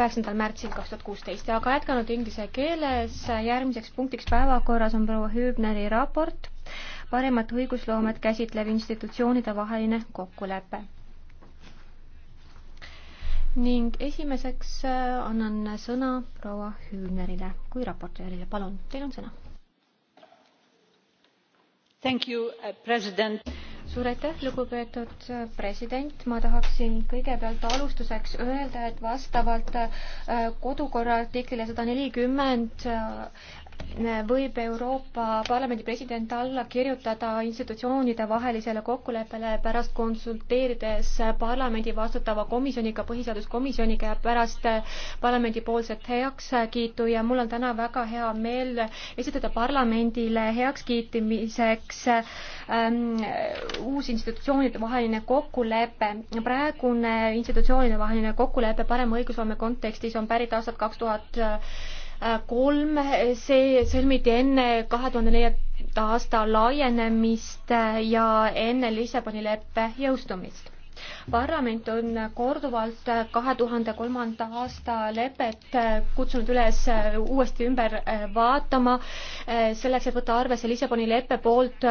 üheksandal märtsil kaks tuhat kuusteist ja ka jätkanud inglise keeles. järgmiseks punktiks päevakorras on proua Hübneri raport paremat õigusloomet käsitlev institutsioonide vaheline kokkulepe. ning esimeseks äh, annan sõna proua Hübnerile kui raportöörile. palun, teil on sõna. Thank you, uh, president suur aitäh, lugupeetud äh, president, ma tahaksin kõigepealt alustuseks öelda, et vastavalt äh, kodukorra artiklile sada nelikümmend äh, võib Euroopa Parlamendi president alla kirjutada institutsioonide vahelisele kokkuleppele pärast konsulteerides parlamendi vastutava komisjoniga, põhiseaduskomisjoniga ja pärast parlamendipoolset heakskiitu ja mul on täna väga hea meel esitada parlamendile heakskiitmiseks ähm, uus institutsioonide vaheline kokkulepe. praegune institutsioonide vaheline kokkulepe parema õigusloome kontekstis on pärit aastat kaks tuhat kolm, see sõlmiti enne kahe tuhande neljanda aasta laienemist ja enne Lissaboni leppe jõustumist parlament on korduvalt kahe tuhande kolmanda aasta lepet kutsunud üles äh, uuesti ümber äh, vaatama, äh, selleks et võtta arvesse Lissaboni leppe poolt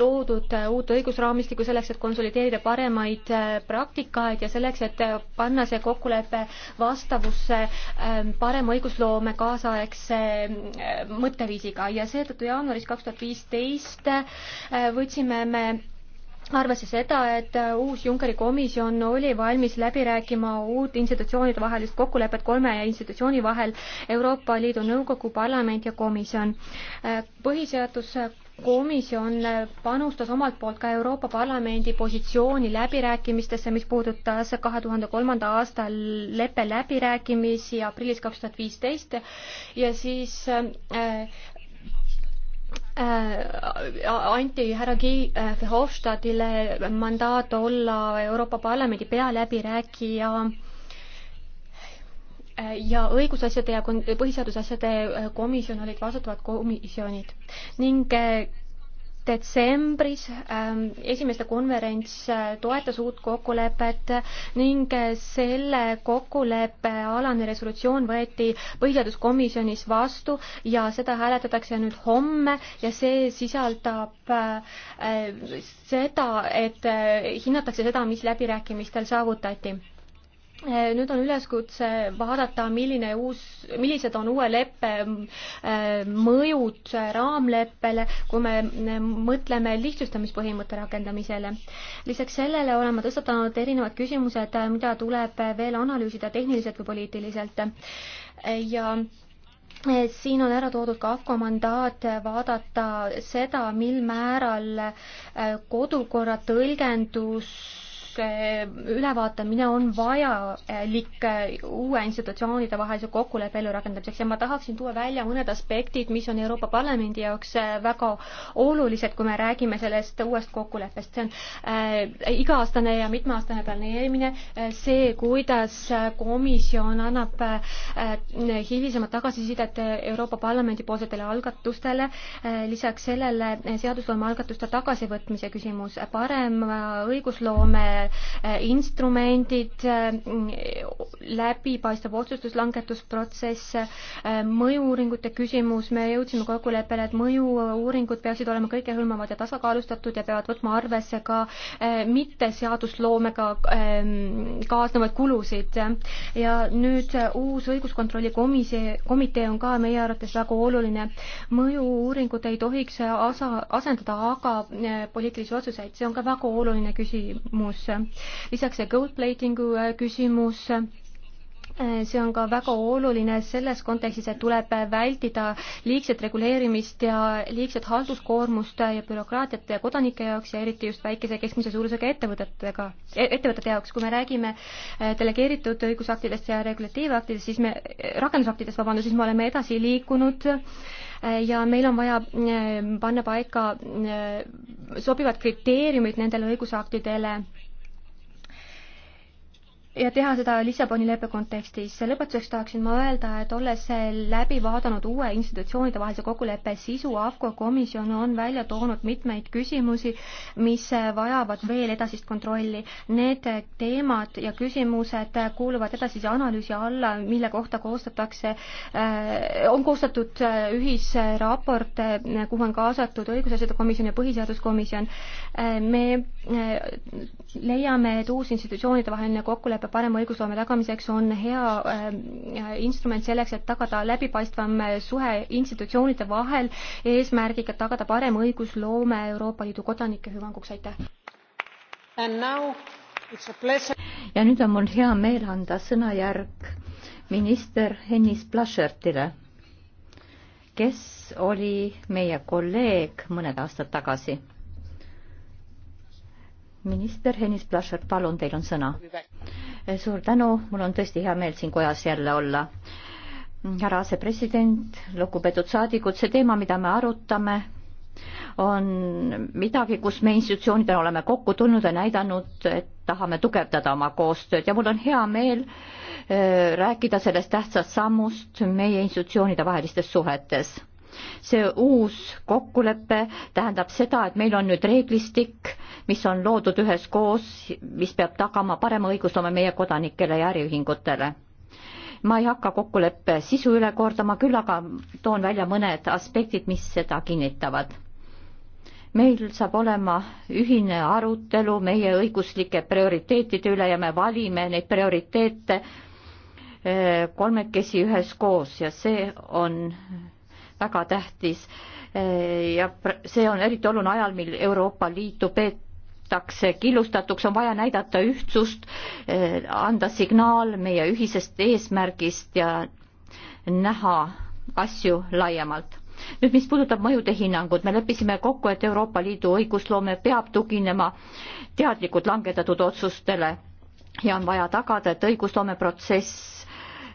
loodud uut õigusraamistikku, selleks et konsolideerida paremaid praktikaid ja selleks, et panna see kokkulepe vastavusse ähm, parema õigusloome kaasaegse mõtteviisiga ja seetõttu jaanuaris kaks tuhat viisteist võtsime me arvesse seda, et äh, uus Junckeri komisjon oli valmis läbi rääkima uut institutsioonide vahelist kokkulepet kolme institutsiooni vahel, Euroopa Liidu Nõukogu, parlament ja komisjon. Äh, põhiseaduskomisjon äh, panustas omalt poolt ka Euroopa Parlamendi positsiooni läbirääkimistesse, mis puudutas kahe tuhande kolmanda aasta leppe läbirääkimisi aprillis kaks tuhat viisteist ja siis äh, Äh, anti härra Guy äh, Verhofstadile mandaat olla Euroopa Parlamendi pealäbirääkija äh, ja õigusasjade ja põhiseadusasjade komisjon olid vastutavad komisjonid ning detsembris ähm, esimeste konverents äh, toetas uut kokkulepet ning äh, selle kokkuleppe alane resolutsioon võeti põhiseaduskomisjonis vastu ja seda hääletatakse nüüd homme ja see sisaldab äh, seda, et hinnatakse seda, mis läbirääkimistel saavutati Eh, nüüd on üleskutse vaadata, milline uus, millised on uue leppe eh, mõjud raamleppele, kui me mõtleme lihtsustamispõhimõtte rakendamisele. lisaks sellele oleme tõstatanud erinevad küsimused, eh, mida tuleb veel analüüsida tehniliselt või poliitiliselt ja siin on ära toodud ka AFCO mandaat vaadata seda, mil määral kodukorra tõlgendus ülevaatamine on vajalik uue institutsioonide vahelise kokkuleppe ellurakendamiseks ja ma tahaksin tuua välja mõned aspektid, mis on Euroopa Parlamendi jaoks väga olulised, kui me räägime sellest uuest kokkuleppest. see on äh, iga-aastane ja mitmeaastane planeerimine, äh, see, kuidas komisjon annab äh, hilisemat tagasisidet Euroopa Parlamendi poolsetele algatustele äh,, lisaks sellele seadusloome algatuste tagasivõtmise küsimus, parem õigusloome Eh, instrumendid, eh, läbipaistev otsustuslangetusprotsess, eh, mõju-uuringute küsimus, me jõudsime kokkuleppele, et mõju-uuringud peaksid olema kõikehõlmavad ja tasakaalustatud ja peavad võtma arvesse ka mitte seadusloomega ehm, kaasnevaid kulusid. ja nüüd uus õiguskontrolli komise, komitee on ka meie arvates väga oluline. mõju-uuringud ei tohiks asa, asendada aga poliitilisi otsuseid, see on ka väga oluline küsimus lisaks see gold plating'u äh, küsimus äh, see on ka väga oluline selles kontekstis, et tuleb vältida liigset reguleerimist ja liigset halduskoormust ja bürokraatiat kodanike jaoks ja eriti just väikese keskmise suurusega ettevõtetega, e-, ettevõtete jaoks. kui me räägime äh, delegeeritud õigusaktidest ja regulatiivaktidest, siis me, rakendusaktidest, vabandust, siis me oleme edasi liikunud ja meil on vaja panna paika sobivad kriteeriumid nendele õigusaktidele ja teha seda Lissaboni leppe kontekstis. lõpetuseks tahaksin ma öelda, et olles läbi vaadanud uue institutsioonide vahelise kokkuleppe sisu, AFCO komisjon on välja toonud mitmeid küsimusi, mis vajavad veel edasist kontrolli. Need teemad ja küsimused kuuluvad edasise analüüsi alla, mille kohta koostatakse, äh, on koostatud äh, ühisraport, äh, kuhu on kaasatud õigusasjade komisjon ja põhiseaduskomisjon. me leiame, et uus institutsioonide vaheline kokkulepe parema õigusloome tagamiseks on hea äh, instrument selleks, et tagada läbipaistvam äh, suhe institutsioonide vahel eesmärgiga tagada parem õigusloome Euroopa Liidu kodanike hüvanguks, aitäh! ja nüüd on mul hea meel anda sõnajärg minister Hennis Plaschertile, kes oli meie kolleeg mõned aastad tagasi minister Hennis Plaschert, palun, teil on sõna suur tänu, mul on tõesti hea meel siin kojas jälle olla. härra asepresident, lugupeetud saadikud, see teema, mida me arutame, on midagi, kus me institutsioonidena oleme kokku tulnud ja näidanud, et tahame tugevdada oma koostööd ja mul on hea meel äh, rääkida sellest tähtsast sammust meie institutsioonide vahelistes suhetes see uus kokkulepe tähendab seda, et meil on nüüd reeglistik, mis on loodud üheskoos, mis peab tagama parema õigusloome meie kodanikele ja äriühingutele ma ei hakka kokkuleppe sisu üle kordama, küll aga toon välja mõned aspektid, mis seda kinnitavad. meil saab olema ühine arutelu meie õiguslike prioriteetide üle ja me valime neid prioriteete eh, kolmekesi üheskoos ja see on väga tähtis ja see on eriti oluline ajal, mil Euroopa Liitu peetakse killustatuks, on vaja näidata ühtsust, anda signaal meie ühisest eesmärgist ja näha asju laiemalt nüüd, mis puudutab mõjude hinnangut, me leppisime kokku, et Euroopa Liidu õigusloome peab tuginema teadlikult langetatud otsustele ja on vaja tagada, et õigusloomeprotsess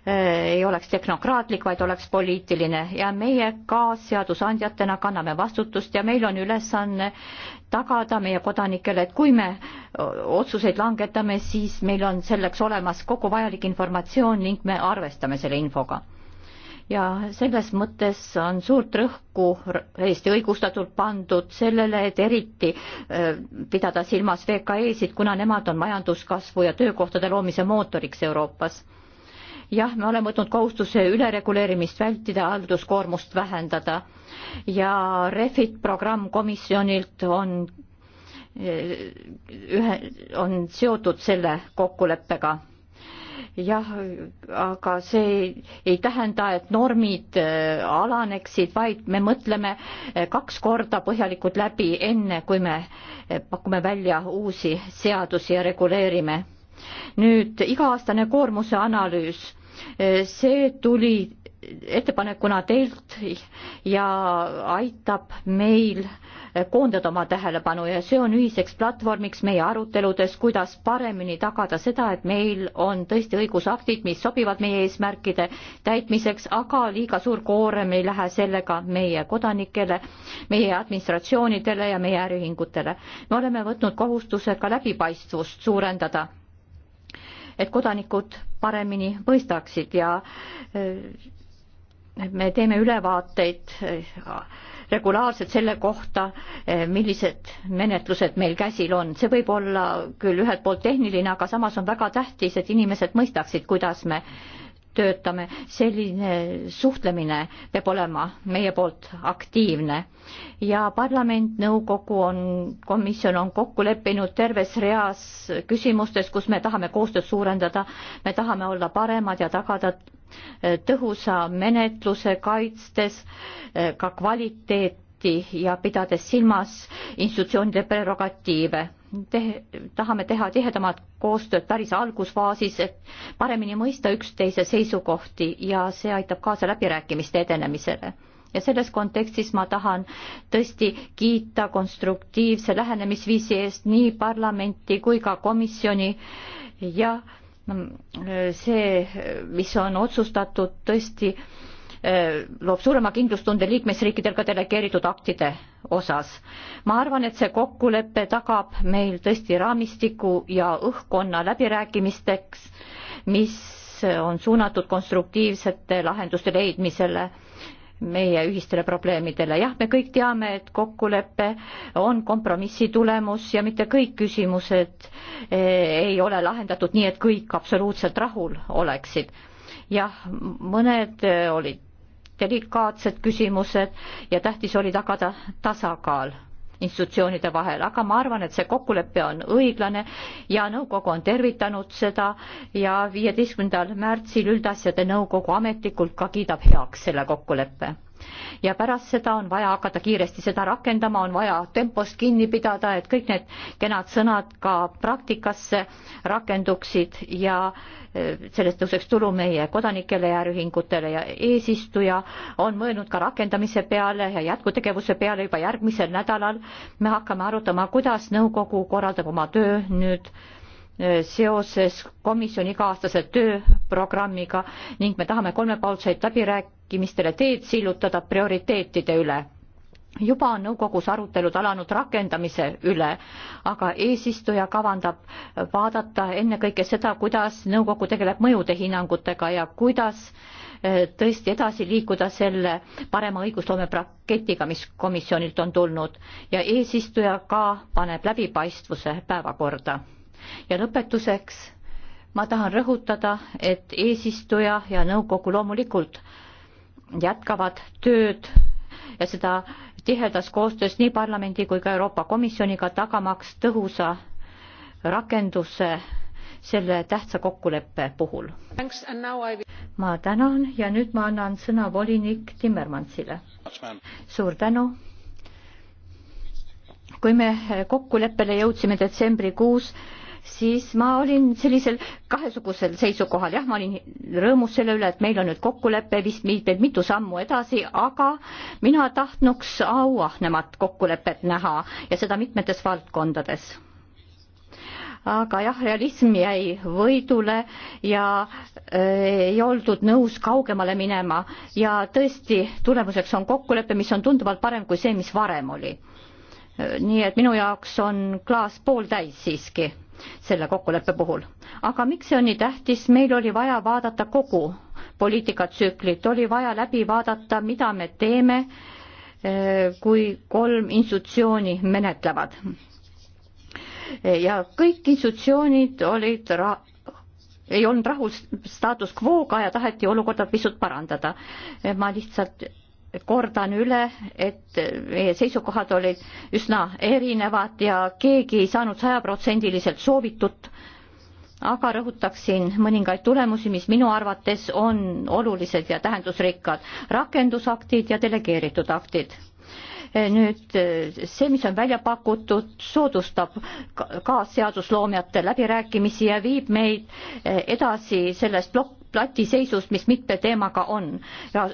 ei oleks tehnokraatlik, vaid oleks poliitiline ja meie ka seadusandjatena kanname vastutust ja meil on ülesanne tagada meie kodanikele, et kui me otsuseid langetame, siis meil on selleks olemas kogu vajalik informatsioon ning me arvestame selle infoga ja selles mõttes on suurt rõhku täiesti õigustatult pandud sellele, et eriti äh, pidada silmas VKE-sid, kuna nemad on majanduskasvu ja töökohtade loomise mootoriks Euroopas jah, me oleme võtnud kohustuse ülereguleerimist vältida, halduskoormust vähendada ja Refit programm komisjonilt on ühe, on seotud selle kokkuleppega. jah, aga see ei, ei tähenda, et normid äh, alaneksid, vaid me mõtleme äh, kaks korda põhjalikult läbi, enne kui me äh, pakume välja uusi seadusi ja reguleerime nüüd iga-aastane koormuse analüüs, see tuli ettepanekuna teilt ja aitab meil koondada oma tähelepanu ja see on ühiseks platvormiks meie aruteludes, kuidas paremini tagada seda, et meil on tõesti õigusaktid, mis sobivad meie eesmärkide täitmiseks, aga liiga suur koorem ei lähe sellega meie kodanikele, meie administratsioonidele ja meie äriühingutele. me oleme võtnud kohustuse ka läbipaistvust suurendada et kodanikud paremini mõistaksid ja äh, me teeme ülevaateid äh, regulaarselt selle kohta, äh, millised menetlused meil käsil on. see võib olla küll ühelt poolt tehniline, aga samas on väga tähtis, et inimesed mõistaksid, kuidas me töötame, selline suhtlemine peab olema meie poolt aktiivne. ja parlament, nõukogu on, komisjon on kokku leppinud terves reas küsimustes, kus me tahame koostööd suurendada, me tahame olla paremad ja tagada eh, tõhusa menetluse kaitstes eh, ka kvaliteet lahti ja pidades silmas institutsioonide prerogatiive. Te, tahame teha tihedamat koostööd päris algusfaasis, et paremini mõista üksteise seisukohti ja see aitab kaasa läbirääkimiste edenemisele ja selles kontekstis ma tahan tõesti kiita konstruktiivse lähenemisviisi eest nii parlamenti kui ka komisjoni ja mm, see, mis on otsustatud, tõesti äh, Eh, loob suurema kindlustunde liikmesriikidel ka delegeeritud aktide osas. ma arvan, et see kokkulepe tagab meil tõesti raamistiku ja õhkkonna läbirääkimisteks, mis on suunatud konstruktiivsete lahenduste leidmisele meie ühistele probleemidele. jah, me kõik teame, et kokkulepe on kompromissi tulemus ja mitte kõik küsimused eh, ei ole lahendatud nii, et kõik absoluutselt rahul oleksid. jah, mõned eh, olid delikaatsed küsimused ja tähtis oli tagada tasakaal institutsioonide vahel, aga ma arvan, et see kokkulepe on õiglane ja nõukogu on tervitanud seda ja viieteistkümnendal märtsil üldasjade nõukogu ametlikult ka kiidab heaks selle kokkuleppe ja pärast seda on vaja hakata kiiresti seda rakendama, on vaja tempost kinni pidada, et kõik need kenad sõnad ka praktikasse rakenduksid ja e, sellest tõuseks tulu meie kodanikele ja äriühingutele ja eesistuja on mõelnud ka rakendamise peale ja jätkutegevuse peale juba järgmisel nädalal. me hakkame arutama, kuidas nõukogu korraldab oma töö nüüd seoses komisjoni iga-aastase tööprogrammiga ning me tahame kolmepoolseid läbirääkimistele teed sillutada prioriteetide üle. juba on nõukogus arutelud alanud rakendamise üle, aga eesistuja kavandab vaadata ennekõike seda, kuidas nõukogu tegeleb mõjude hinnangutega ja kuidas tõesti edasi liikuda selle parema õigusloome paketiga, mis komisjonilt on tulnud ja eesistuja ka paneb läbipaistvuse päevakorda ja lõpetuseks ma tahan rõhutada, et eesistuja ja nõukogu loomulikult jätkavad tööd ja seda tihedas koostöös nii parlamendi kui ka Euroopa Komisjoniga, tagamaks tõhusa rakenduse selle tähtsa kokkuleppe puhul. ma tänan ja nüüd ma annan sõna volinik Timmermansile. suur tänu. kui me kokkuleppele jõudsime detsembrikuus, siis ma olin sellisel kahesugusel seisukohal, jah, ma olin rõõmus selle üle, et meil on nüüd kokkulepe, vist meid mitu sammu edasi, aga mina tahtnuks auahnemat kokkulepet näha ja seda mitmetes valdkondades aga jah, realism jäi võidule ja äh, ei oldud nõus kaugemale minema ja tõesti, tulemuseks on kokkulepe, mis on tunduvalt parem kui see, mis varem oli. Äh, nii et minu jaoks on klaas pooltäis siiski selle kokkuleppe puhul. aga miks see on nii tähtis, meil oli vaja vaadata kogu poliitikatsüklit, oli vaja läbi vaadata, mida me teeme, eh, kui kolm institutsiooni menetlevad. ja kõik institutsioonid olid ra-, ei olnud rahul staatus quo'ga ja taheti olukorda pisut parandada. ma lihtsalt kordan üle, et meie seisukohad olid üsna erinevad ja keegi ei saanud sajaprotsendiliselt soovitut, aga rõhutaksin mõningaid tulemusi, mis minu arvates on olulised ja tähendusrikkad. rakendusaktid ja delegeeritud aktid. Eh, nüüd eh, see, mis on välja pakutud, soodustab kaasseadusloomjate läbirääkimisi ja viib meid eh, edasi sellest plokk, platiseisust, mis mitme teemaga on. ja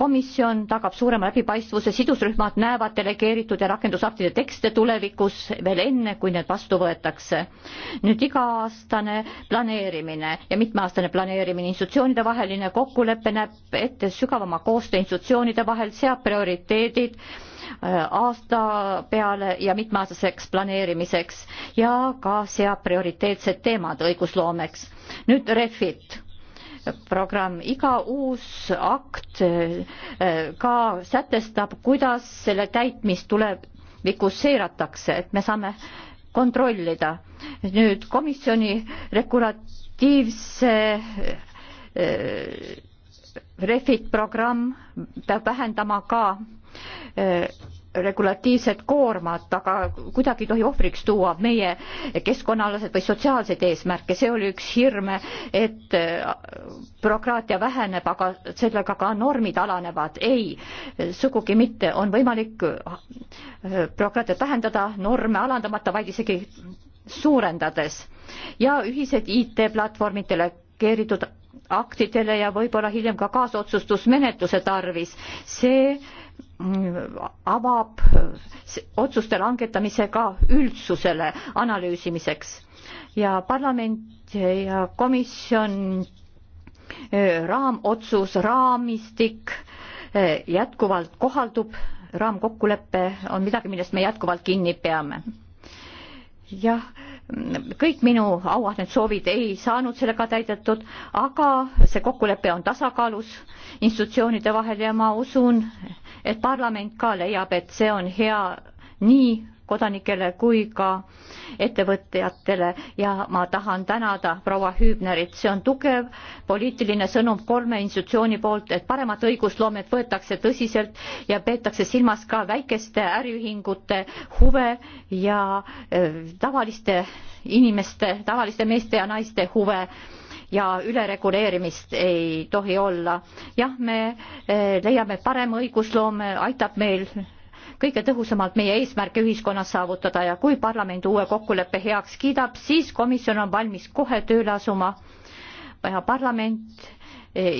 komisjon tagab suurema läbipaistvuse, sidusrühmad näevad delegeeritud ja rakendusaktide tekste tulevikus veel enne, kui need vastu võetakse. nüüd iga-aastane planeerimine ja mitmeaastane planeerimine, institutsioonide vaheline kokkulepe näeb ette sügavama koostöö institutsioonide vahel, seab prioriteedid äh, aasta peale ja mitmeaastaseks planeerimiseks ja ka seab prioriteetsed teemad õigusloomeks. nüüd REFit programm, iga uus akt eh, ka sätestab, kuidas selle täitmist tulevikus seiratakse, et me saame kontrollida. nüüd komisjoni regulatiivse eh, Refit programm peab vähendama ka eh, regulatiivset koormat, aga kuidagi ei tohi ohvriks tuua meie keskkonnaalased või sotsiaalseid eesmärke, see oli üks hirme, et äh, bürokraatia väheneb, aga sellega ka normid alanevad. ei, sugugi mitte, on võimalik äh, bürokraatiat vähendada norme alandamata, vaid isegi suurendades ja ühised IT-platvormid delegeeritud aktidele ja võib-olla hiljem ka kaasotsustusmenetluse tarvis. see avab otsuste langetamise ka üldsusele analüüsimiseks ja parlament ja komisjon e, raamotsus, raamistik e, jätkuvalt kohaldub, raamkokkulepe on midagi, millest me jätkuvalt kinni peame. jah kõik minu auahned soovid ei saanud sellega täidetud, aga see kokkulepe on tasakaalus institutsioonide vahel ja ma usun, et parlament ka leiab, et see on hea nii kodanikele kui ka ettevõtjatele ja ma tahan tänada proua Hübnerit, see on tugev poliitiline sõnum kolme institutsiooni poolt, et paremat õigusloomet võetakse tõsiselt ja peetakse silmas ka väikeste äriühingute huve ja äh, tavaliste inimeste, tavaliste meeste ja naiste huve ja ülereguleerimist ei tohi olla. jah, me äh, leiame, et parem õigusloome aitab meil kõige tõhusamalt meie eesmärke ühiskonnas saavutada ja kui parlament uue kokkuleppe heaks kiidab, siis komisjon on valmis kohe tööle asuma ja parlament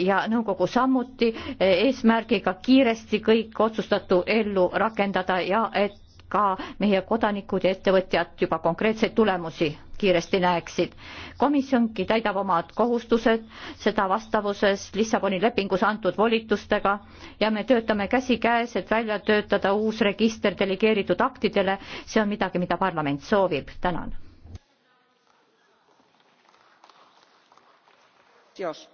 ja nõukogu samuti eesmärgiga kiiresti kõik otsustatu ellu rakendada ja et ka meie kodanikud ja ettevõtjad juba konkreetseid tulemusi kiiresti näeksid. komisjongi täidab omad kohustused, seda vastavuses Lissaboni lepingus antud volitustega ja me töötame käsikäes, et välja töötada uus register delegeeritud aktidele. see on midagi, mida parlament soovib. tänan. Dios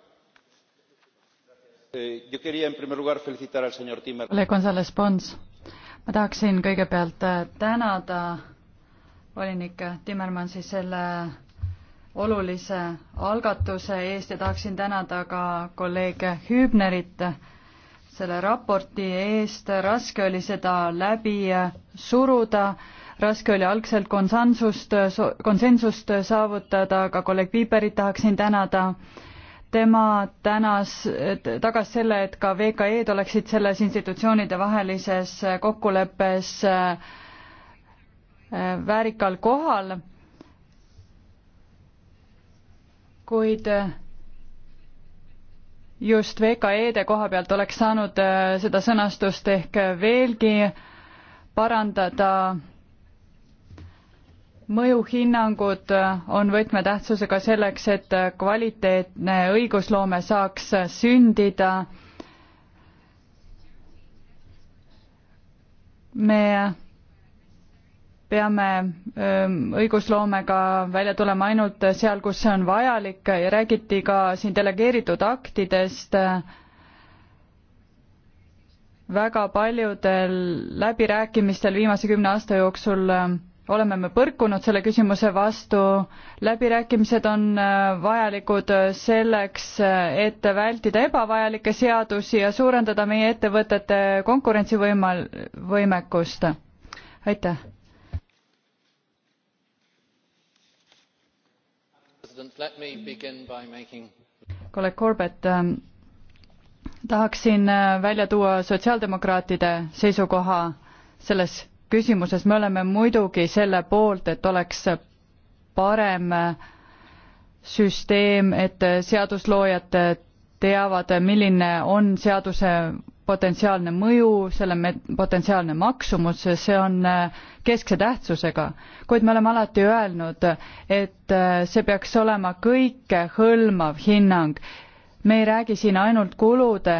eh, yo quería en primer lugar felicitar al señor timmermans ma tahaksin kõigepealt äh, tänada volinik Timmermansi selle olulise algatuse eest ja tahaksin tänada ka kolleeg Hübnerit selle raporti eest, raske oli seda läbi suruda, raske oli algselt konsensust, konsensust saavutada, ka kolleeg Piiperit tahaksin tänada äh, tema tänas, tagas selle, et ka VKE-d oleksid selles institutsioonide vahelises kokkuleppes äh, äh, väärikal kohal. kuid äh, just VKE-de koha pealt oleks saanud seda sõnastust ehk veelgi parandada mõjuhinnangud äh, on võtmetähtsusega selleks, et äh, kvaliteetne õigusloome saaks äh, sündida. me peame ähm, õigusloomega välja tulema ainult seal, kus see on vajalik ja räägiti ka siin delegeeritud aktidest. väga paljudel läbirääkimistel viimase kümne aasta jooksul ähm, oleme me põrkunud selle küsimuse vastu, läbirääkimised on äh, vajalikud selleks, äh, et vältida ebavajalikke seadusi ja suurendada meie ettevõtete konkurentsivõimal-, võimekust. aitäh. kolleeg Corbett, ähm, tahaksin äh, välja tuua sotsiaaldemokraatide seisukoha selles küsimuses me oleme muidugi selle poolt, et oleks parem süsteem, et seadusloojad teavad, milline on seaduse potentsiaalne mõju, selle potentsiaalne maksumus, see on keskse tähtsusega. kuid me oleme alati öelnud, et see peaks olema kõikehõlmav hinnang. me ei räägi siin ainult kulude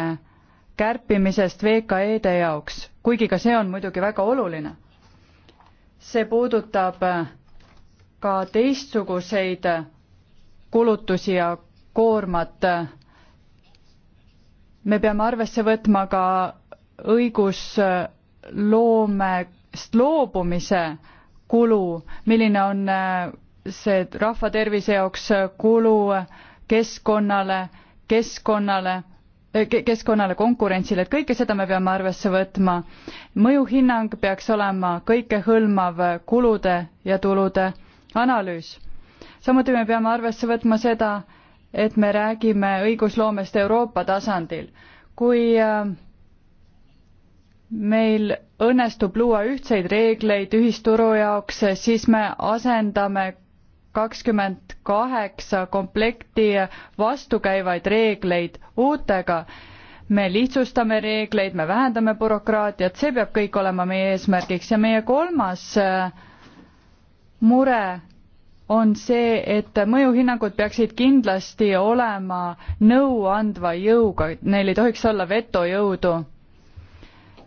kärpimisest VKE-de jaoks, kuigi ka see on muidugi väga oluline. see puudutab äh, ka teistsuguseid äh, kulutusi ja koormat. Äh, me peame arvesse võtma ka õigusloomest loobumise kulu, milline on see rahva tervise jaoks kulu keskkonnale, keskkonnale Äh, keskkonnale, konkurentsile, et kõike seda me peame arvesse võtma. mõjuhinnang peaks olema kõikehõlmav kulude ja tulude analüüs. samuti me peame arvesse võtma seda, et me räägime õigusloomest Euroopa tasandil. kui äh, meil õnnestub luua ühtseid reegleid ühisturu jaoks, siis me asendame kakskümmend kaheksa komplekti vastukäivaid reegleid uutega. me lihtsustame reegleid, me vähendame bürokraatiat, see peab kõik olema meie eesmärgiks ja meie kolmas äh, mure on see, et mõjuhinnangud peaksid kindlasti olema nõuandva jõuga, neil ei tohiks olla vetojõudu.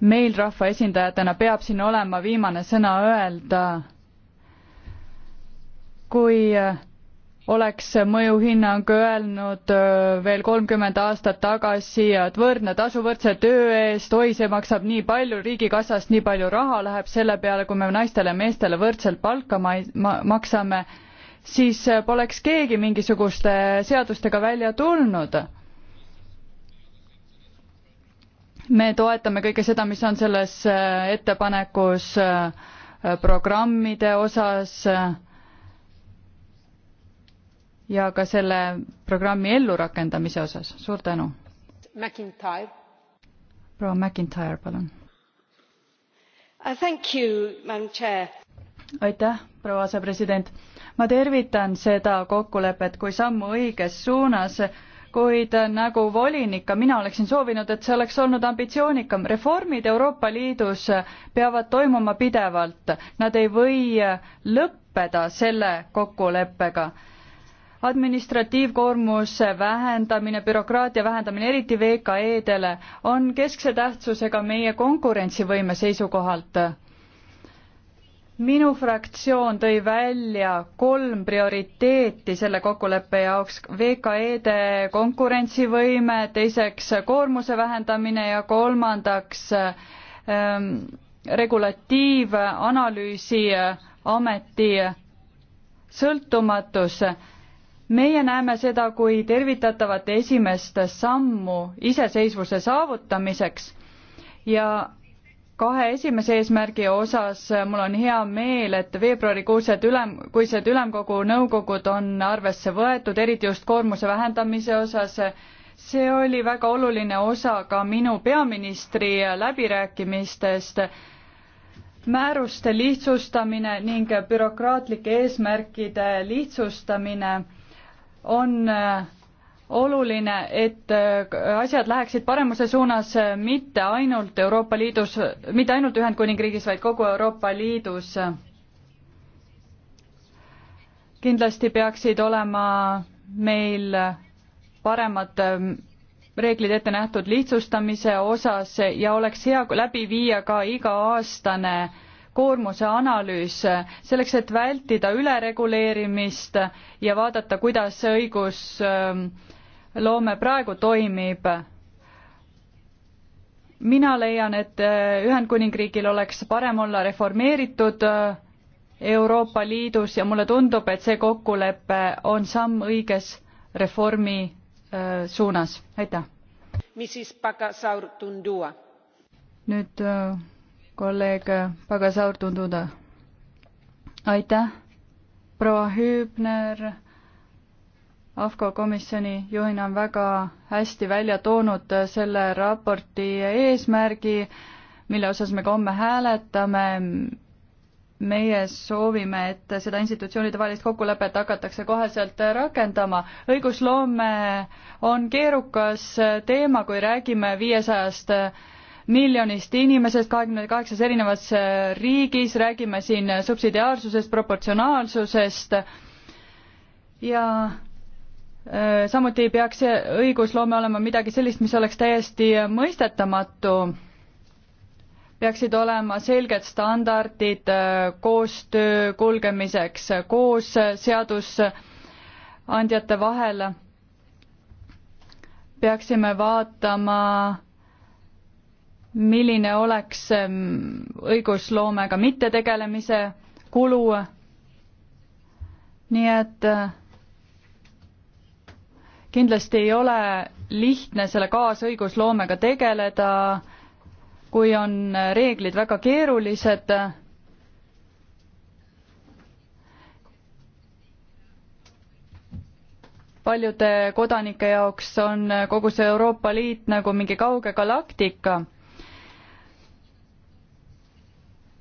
meil rahvaesindajatena peab siin olema viimane sõna öelda kui äh, oleks mõjuhinnang öelnud äh, veel kolmkümmend aastat tagasi, et võrdne tasu võrdse töö eest, oi, see maksab nii palju, riigikassast nii palju raha läheb selle peale, kui me naistele ja meestele võrdselt palka ma-, ma-, maksame, siis äh, poleks keegi mingisuguste seadustega välja tulnud. me toetame kõike seda, mis on selles ettepanekus programmide osas ja ka selle programmi ellurakendamise osas, suur tänu. proua McIntyre, palun. Uh, aitäh, proua asepresident. ma tervitan seda kokkulepet kui sammu õiges suunas, kuid nagu volinik ka mina oleksin soovinud, et see oleks olnud ambitsioonikam. reformid Euroopa Liidus peavad toimuma pidevalt, nad ei või lõppeda selle kokkuleppega administratiivkoormuse vähendamine, bürokraatia vähendamine, eriti VKE-dele, on keskse tähtsusega meie konkurentsivõime seisukohalt. minu fraktsioon tõi välja kolm prioriteeti selle kokkuleppe jaoks, VKE-de konkurentsivõime, teiseks koormuse vähendamine ja kolmandaks ähm, regulatiivanalüüsi ameti sõltumatus meie näeme seda kui tervitatavat esimest sammu iseseisvuse saavutamiseks ja kahe esimese eesmärgi osas mul on hea meel, et veebruarikuused ülem, kuised ülemkogu nõukogud on arvesse võetud, eriti just koormuse vähendamise osas. see oli väga oluline osa ka minu peaministri läbirääkimistest määruste lihtsustamine ning bürokraatlike eesmärkide lihtsustamine on äh, oluline, et äh, asjad läheksid paremuse suunas äh, mitte ainult Euroopa Liidus, mitte ainult Ühendkuningriigis, vaid kogu Euroopa Liidus. kindlasti peaksid olema meil paremad reeglid ette nähtud lihtsustamise osas ja oleks hea läbi viia ka iga-aastane koormuse analüüs selleks, et vältida ülereguleerimist ja vaadata, kuidas õigusloome ähm, praegu toimib. mina leian, et äh, Ühendkuningriigil oleks parem olla reformeeritud äh, Euroopa Liidus ja mulle tundub, et see kokkulepe on samm õiges reformi äh, suunas, aitäh. nüüd kolleeg Pagasaur Tunduda. aitäh, proua Hüübner. AFCO komisjoni juhina on väga hästi välja toonud selle raporti eesmärgi, mille osas me ka homme hääletame. meie soovime, et seda institutsioonide vahelist kokkulepet hakatakse koheselt rakendama. õigusloome on keerukas teema, kui räägime viiesajast 500 miljonist inimesest kahekümne kaheksas erinevas äh, riigis, räägime siin äh, subsidiaarsusest, proportsionaalsusest ja äh, samuti ei peaks see õigusloome olema midagi sellist, mis oleks täiesti mõistetamatu. peaksid olema selged standardid koostöö kulgemiseks koos seadusandjate vahel. peaksime vaatama milline oleks ähm, õigusloomega mittetegelemise kulu. nii et äh, kindlasti ei ole lihtne selle kaasõigusloomega tegeleda, kui on äh, reeglid väga keerulised. paljude kodanike jaoks on äh, kogu see Euroopa Liit nagu mingi kauge galaktika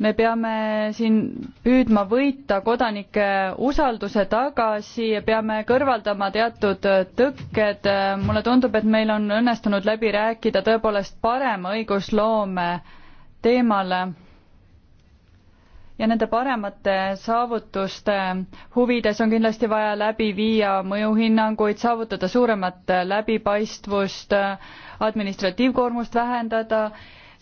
me peame siin püüdma võita kodanike usalduse tagasi ja peame kõrvaldama teatud tõkked. mulle tundub, et meil on õnnestunud läbi rääkida tõepoolest parema õigusloome teemale ja nende paremate saavutuste huvides on kindlasti vaja läbi viia mõjuhinnanguid, saavutada suuremat läbipaistvust, administratiivkoormust vähendada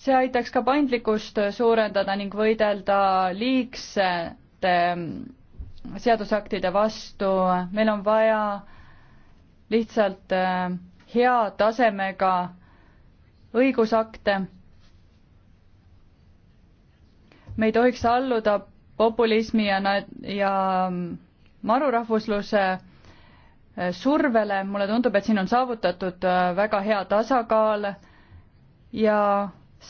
see aitaks ka paindlikkust suurendada ning võidelda liigsete mm, seadusaktide vastu, meil on vaja lihtsalt mm, hea tasemega õigusakte. me ei tohiks alluda populismi ja, ja mm, marurahvusluse survele, mulle tundub, et siin on saavutatud väga hea tasakaal ja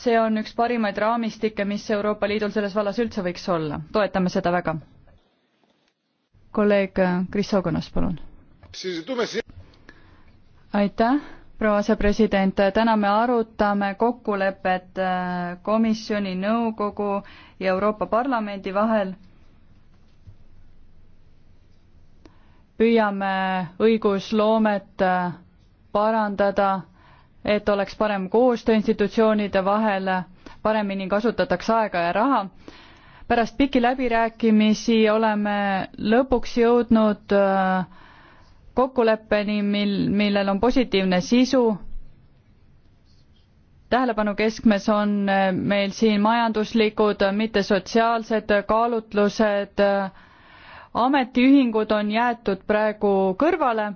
see on üks parimaid raamistikke, mis Euroopa Liidul selles vallas üldse võiks olla, toetame seda väga. kolleeg äh, Krisogonos, palun. aitäh, proua asepresident, täna me arutame kokkulepet äh, komisjoni, nõukogu ja Euroopa Parlamendi vahel. püüame õigusloomet äh, parandada et oleks parem koostöö institutsioonide vahel, paremini kasutatakse aega ja raha. pärast pikki läbirääkimisi oleme lõpuks jõudnud äh, kokkuleppeni, mil, millel on positiivne sisu. tähelepanu keskmes on äh, meil siin majanduslikud, äh, mitte sotsiaalsed kaalutlused ametiühingud on jäetud praegu kõrvale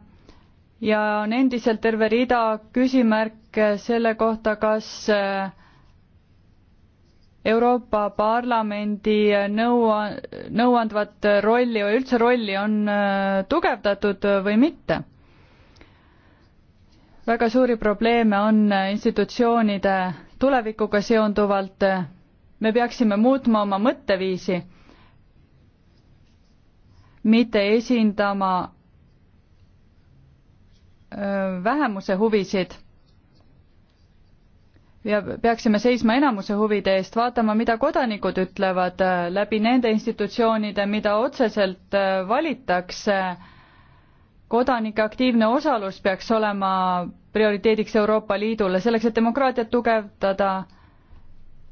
ja on endiselt terve rida küsimärke selle kohta, kas äh, Euroopa Parlamendi äh, nõu, nõuandvat rolli või üldse rolli on äh, tugevdatud või mitte. väga suuri probleeme on institutsioonide tulevikuga seonduvalt. me peaksime muutma oma mõtteviisi, mitte esindama vähemuse huvisid ja peaksime seisma enamuse huvide eest, vaatama, mida kodanikud ütlevad läbi nende institutsioonide, mida otseselt valitakse. kodanike aktiivne osalus peaks olema prioriteediks Euroopa Liidule, selleks et demokraatiat tugevdada,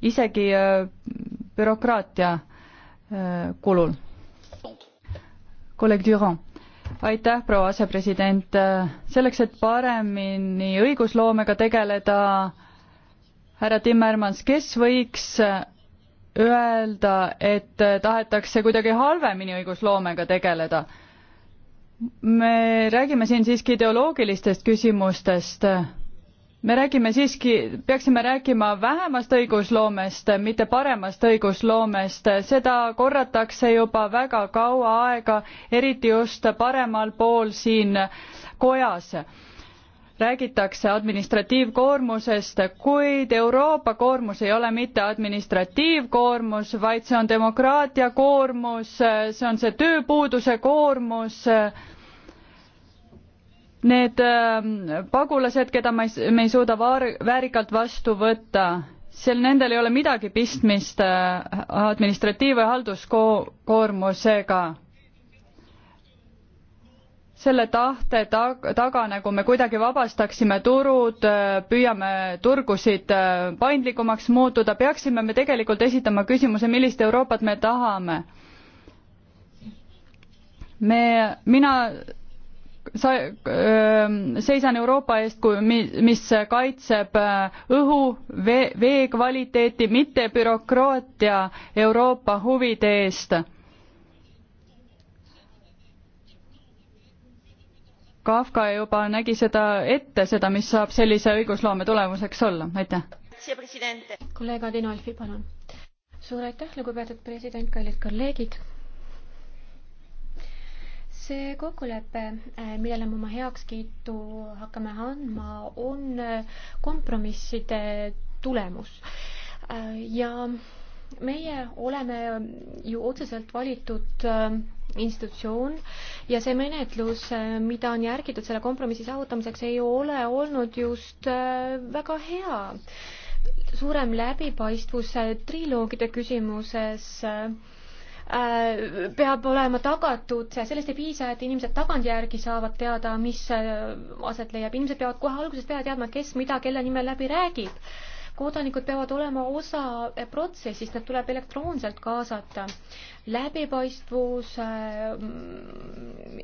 isegi bürokraatia kulul. kolleeg Durand aitäh, proua asepresident. selleks, et paremini õigusloomega tegeleda, härra Timmermans, kes võiks öelda, et tahetakse kuidagi halvemini õigusloomega tegeleda? me räägime siin siiski ideoloogilistest küsimustest me räägime siiski, peaksime rääkima vähemast õigusloomest, mitte paremast õigusloomest, seda korratakse juba väga kaua aega, eriti just paremal pool siin kojas. räägitakse administratiivkoormusest, kuid Euroopa koormus ei ole mitte administratiivkoormus, vaid see on demokraatia koormus, see on see tööpuuduse koormus need ähm, pagulased, keda ma ei, me ei suuda vaar-, väärikalt vastu võtta, seal nendel ei ole midagi pistmist äh, administratiiv- või halduskoormusega. selle tahte tag-, taga nagu me kuidagi vabastaksime turud, äh, püüame turgusid äh, paindlikumaks muutuda, peaksime me tegelikult esitama küsimuse, millist Euroopat me tahame. me, mina sa, seisan Euroopa eest, kui, mis kaitseb õhu, vee, vee kvaliteeti, mitte bürokraatia Euroopa huvide eest. Kafka juba nägi seda ette, seda, mis saab sellise õigusloome tulemuseks olla, aitäh. kolleeg Adinolfi, palun. suur aitäh, lugupeetud president, kallid kolleegid see kokkulepe, äh, millele me oma heakskiitu hakkame andma, on äh, kompromisside tulemus äh, ja meie oleme ju otseselt valitud institutsioon ja see menetlus, mida on järgitud selle kompromissi saavutamiseks, ei ole olnud just väga hea. suurem läbipaistvus triloogide küsimuses äh, Äh, peab olema tagatud, sellest ei piisa, et inimesed tagantjärgi saavad teada, mis äh, aset leiab, inimesed peavad kohe algusest peale teadma, kes mida kelle nimel läbi räägib. kodanikud peavad olema osa äh, protsessist, nad tuleb elektroonselt kaasata. läbipaistvus, mm,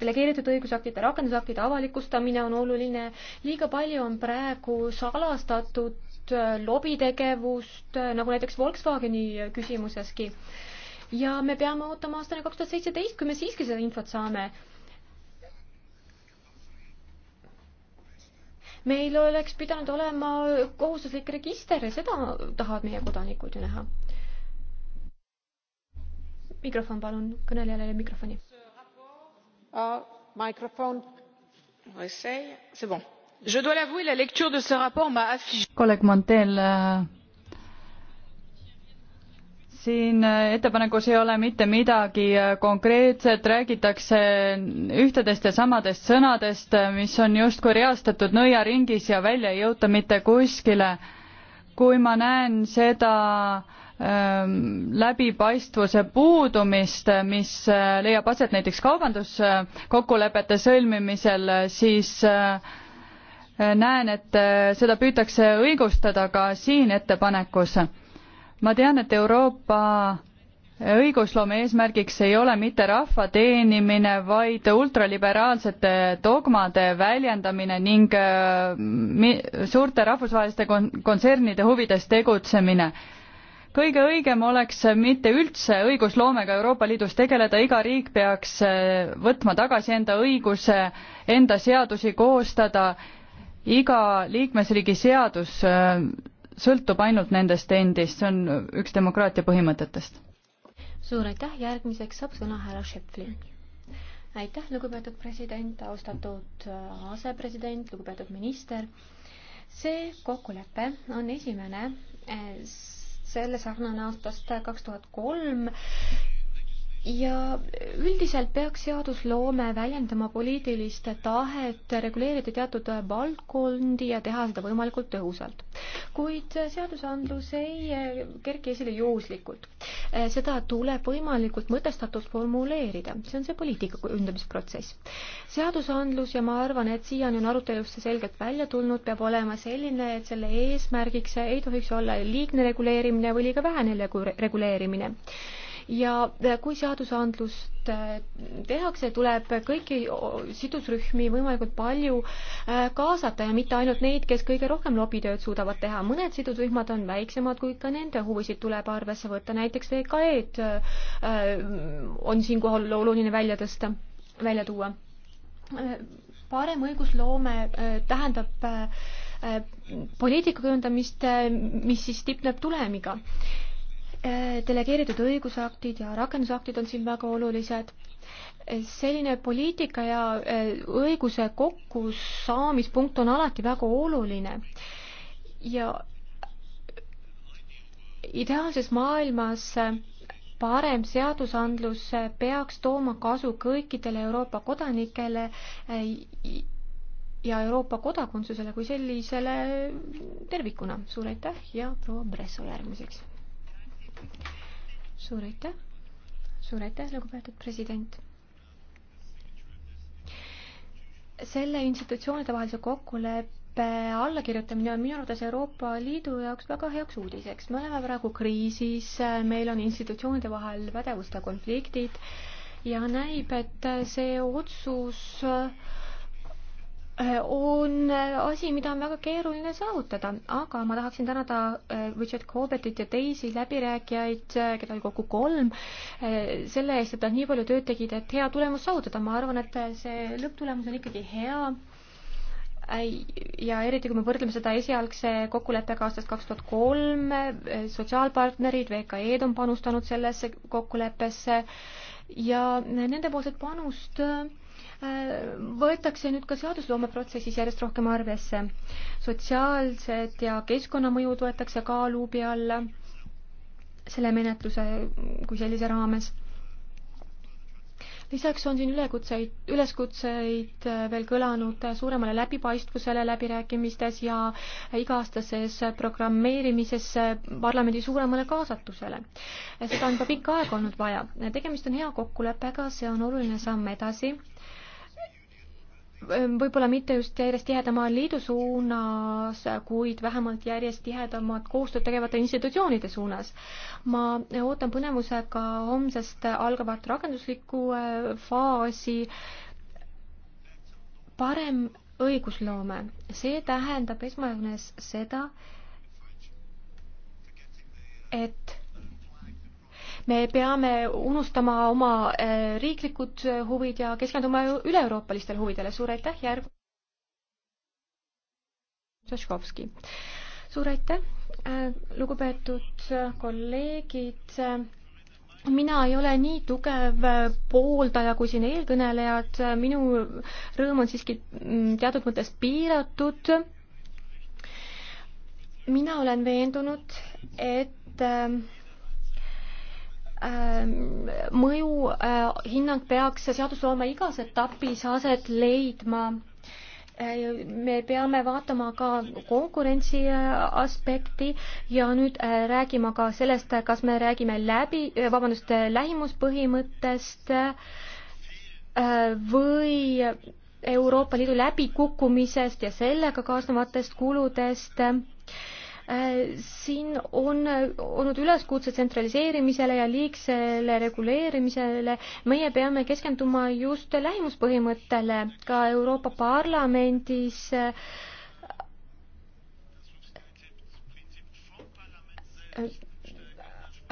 delegeeritud õigusaktide, rakendusaktide avalikustamine on oluline, liiga palju on praegu salastatud lobitegevust, nagu näiteks Volkswageni küsimuseski ja me peame ootama aastani kaks tuhat seitseteist, kui me siiski seda infot saame. meil oleks pidanud olema kohustuslik register ja seda tahavad meie kodanikud ju näha. mikrofon palun, kõnelejale mikrofoni. Ah, mikrofon. see on. kolleeg Montel äh, siin ettepanekus ei ole mitte midagi konkreetset, räägitakse ühtedest ja samadest sõnadest, mis on justkui reastatud nõiaringis ja välja ei jõuta mitte kuskile. kui ma näen seda ähm, läbipaistvuse puudumist, mis äh, leiab aset näiteks kaubanduskokkulepete sõlmimisel, siis äh, näen, et äh, seda püütakse õigustada ka siin ettepanekus ma tean, et Euroopa õigusloome eesmärgiks ei ole mitte rahva teenimine, vaid ultraliberaalsete dogmade väljendamine ning äh, suurte rahvusvaheliste kontsernide huvides tegutsemine. kõige õigem oleks mitte üldse õigusloomega Euroopa Liidus tegeleda, iga riik peaks äh, võtma tagasi enda õiguse enda seadusi koostada, iga liikmesriigi seadus äh, sõltub ainult nendest endist, see on üks demokraatia põhimõtetest. suur aitäh, järgmiseks saab sõna härra Šeflin. aitäh, lugupeetud president, austatud äh, asepresident, lugupeetud minister. see kokkulepe on esimene äh, selle sarnane aastast kaks tuhat kolm ja üldiselt peaks seadusloome väljendama poliitilist tahet reguleerida teatud äh, valdkondi ja teha seda võimalikult tõhusalt kuid seadusandlus ei eh, kerki esile juhuslikult. Eh, seda tuleb võimalikult mõtestatult formuleerida, see on see poliitika kujundamisprotsess. seadusandlus ja ma arvan, et siiani on arutelust see selgelt välja tulnud, peab olema selline, et selle eesmärgiks ei tohiks olla liigne reguleerimine või liiga vähene reguleerimine ja äh, kui seadusandlust äh, tehakse, tuleb kõiki sidusrühmi võimalikult palju äh, kaasata ja mitte ainult neid, kes kõige rohkem lobitööd suudavad teha. mõned sidusrühmad on väiksemad, kuid ka nende huvisid tuleb arvesse võtta, näiteks VKE-d on siinkohal oluline välja tõsta, välja tuua. parem õigusloome tähendab poliitika kujundamist, mis siis tipneb tulemiga Äh, delegeeritud õigusaktid ja rakendusaktid on siin väga olulised. Äh, selline poliitika ja äh, õiguse kokkusaamispunkt on alati väga oluline ja ideaalses maailmas parem seadusandlus peaks tooma kasu kõikidele Euroopa kodanikele ja Euroopa kodakondsusele kui sellisele tervikuna. suur aitäh ja proua Bresso järgmiseks suur aitäh, suur aitäh, lugupeetud president. selle institutsioonide vahelise kokkuleppe allakirjutamine on minu arvates Euroopa Liidu jaoks väga heaks uudiseks. me oleme praegu kriisis, meil on institutsioonide vahel pädevuste konfliktid ja näib, et see otsus äh, Äh, on äh, asi, mida on väga keeruline saavutada, aga ma tahaksin tänada äh, Richard Corbettit ja teisi läbirääkijaid, keda oli kokku kolm, selle eest, et nad nii palju tööd tegid, et hea tulemus saavutada, ma arvan, et see lõpptulemus on ikkagi hea ja eriti, kui me võrdleme seda esialgse kokkuleppega aastast kaks tuhat kolm, sotsiaalpartnerid, VKE-d on panustanud sellesse kokkuleppesse ja nendepoolset panust äh, võetakse nüüd ka seadusloome protsessis järjest rohkem arvesse. sotsiaalsed ja keskkonnamõjud võetakse ka luubi alla selle menetluse kui sellise raames. lisaks on siin ülekutseid, üleskutseid veel kõlanud suuremale läbipaistvusele läbirääkimistes ja iga-aastases programmeerimises parlamendi suuremale kaasatusele. seda on juba pikka aega olnud vaja. tegemist on hea kokkuleppega, see on oluline samm edasi võib-olla mitte just järjest tihedama liidu suunas, kuid vähemalt järjest tihedamat koostööd tegevate institutsioonide suunas. ma ootan põnevusega homsest algavat rakenduslikku äh, faasi. parem õigusloome, see tähendab esmajoones seda, et me peame unustama oma äh, riiklikud äh, huvid ja keskenduma üle-euroopalistele huvidele. suur aitäh, Järv. Šaškovski. suur aitäh, äh, lugupeetud kolleegid mina ei ole nii tugev pooldaja kui siin eelkõnelejad, minu rõõm on siiski mm, teatud mõttes piiratud. mina olen veendunud, et Äh, mõjuhinnang äh, peaks seadusloome igas etapis aset leidma äh, me peame vaatama ka konkurentsi aspekti ja nüüd räägima ka sellest, kas me räägime läbi, vabandust, lähimuspõhimõttest või Euroopa Liidu läbikukkumisest ja sellega kaasnevatest kuludest Äh, siin on äh, olnud üleskutse tsentraliseerimisele ja liigsele reguleerimisele. meie peame keskenduma just lähimuspõhimõttele ka Euroopa Parlamendis äh,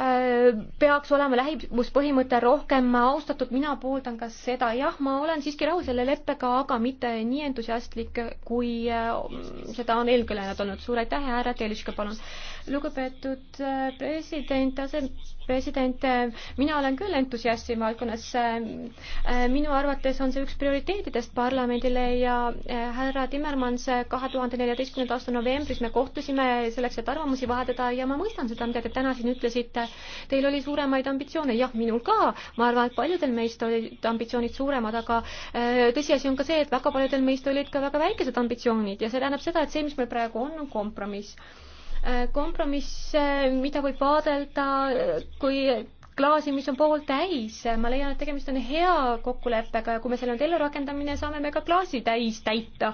Äh, peaks olema lähimuspõhimõte rohkem austatud, mina pooldan ka seda, jah, ma olen siiski rahul selle leppega, aga mitte nii entusiastlik, kui äh, seda on eelkõnelejad olnud. suur aitäh, härra Teliška, palun. lugupeetud äh, president, asepresident, mina olen küll entusiast siin valdkonnas. minu arvates on see üks prioriteetidest parlamendile ja härra Timmermans kahe tuhande neljateistkümnenda aasta novembris me kohtusime selleks, et arvamusi vahetada ja ma mõistan seda, mida te täna siin ütlesite Teil oli suuremaid ambitsioone, jah, minul ka, ma arvan, et paljudel meist olid ambitsioonid suuremad, aga äh, tõsiasi on ka see, et väga paljudel meist olid ka väga väikesed ambitsioonid ja see tähendab seda, et see, mis meil praegu on, on kompromiss. Äh, kompromiss, äh, mida võib vaadelda kui klaasi, mis on pooltäis, ma leian, et tegemist on hea kokkuleppega ja kui me selle nüüd ellu rakendamine, saame me ka klaasi täis täita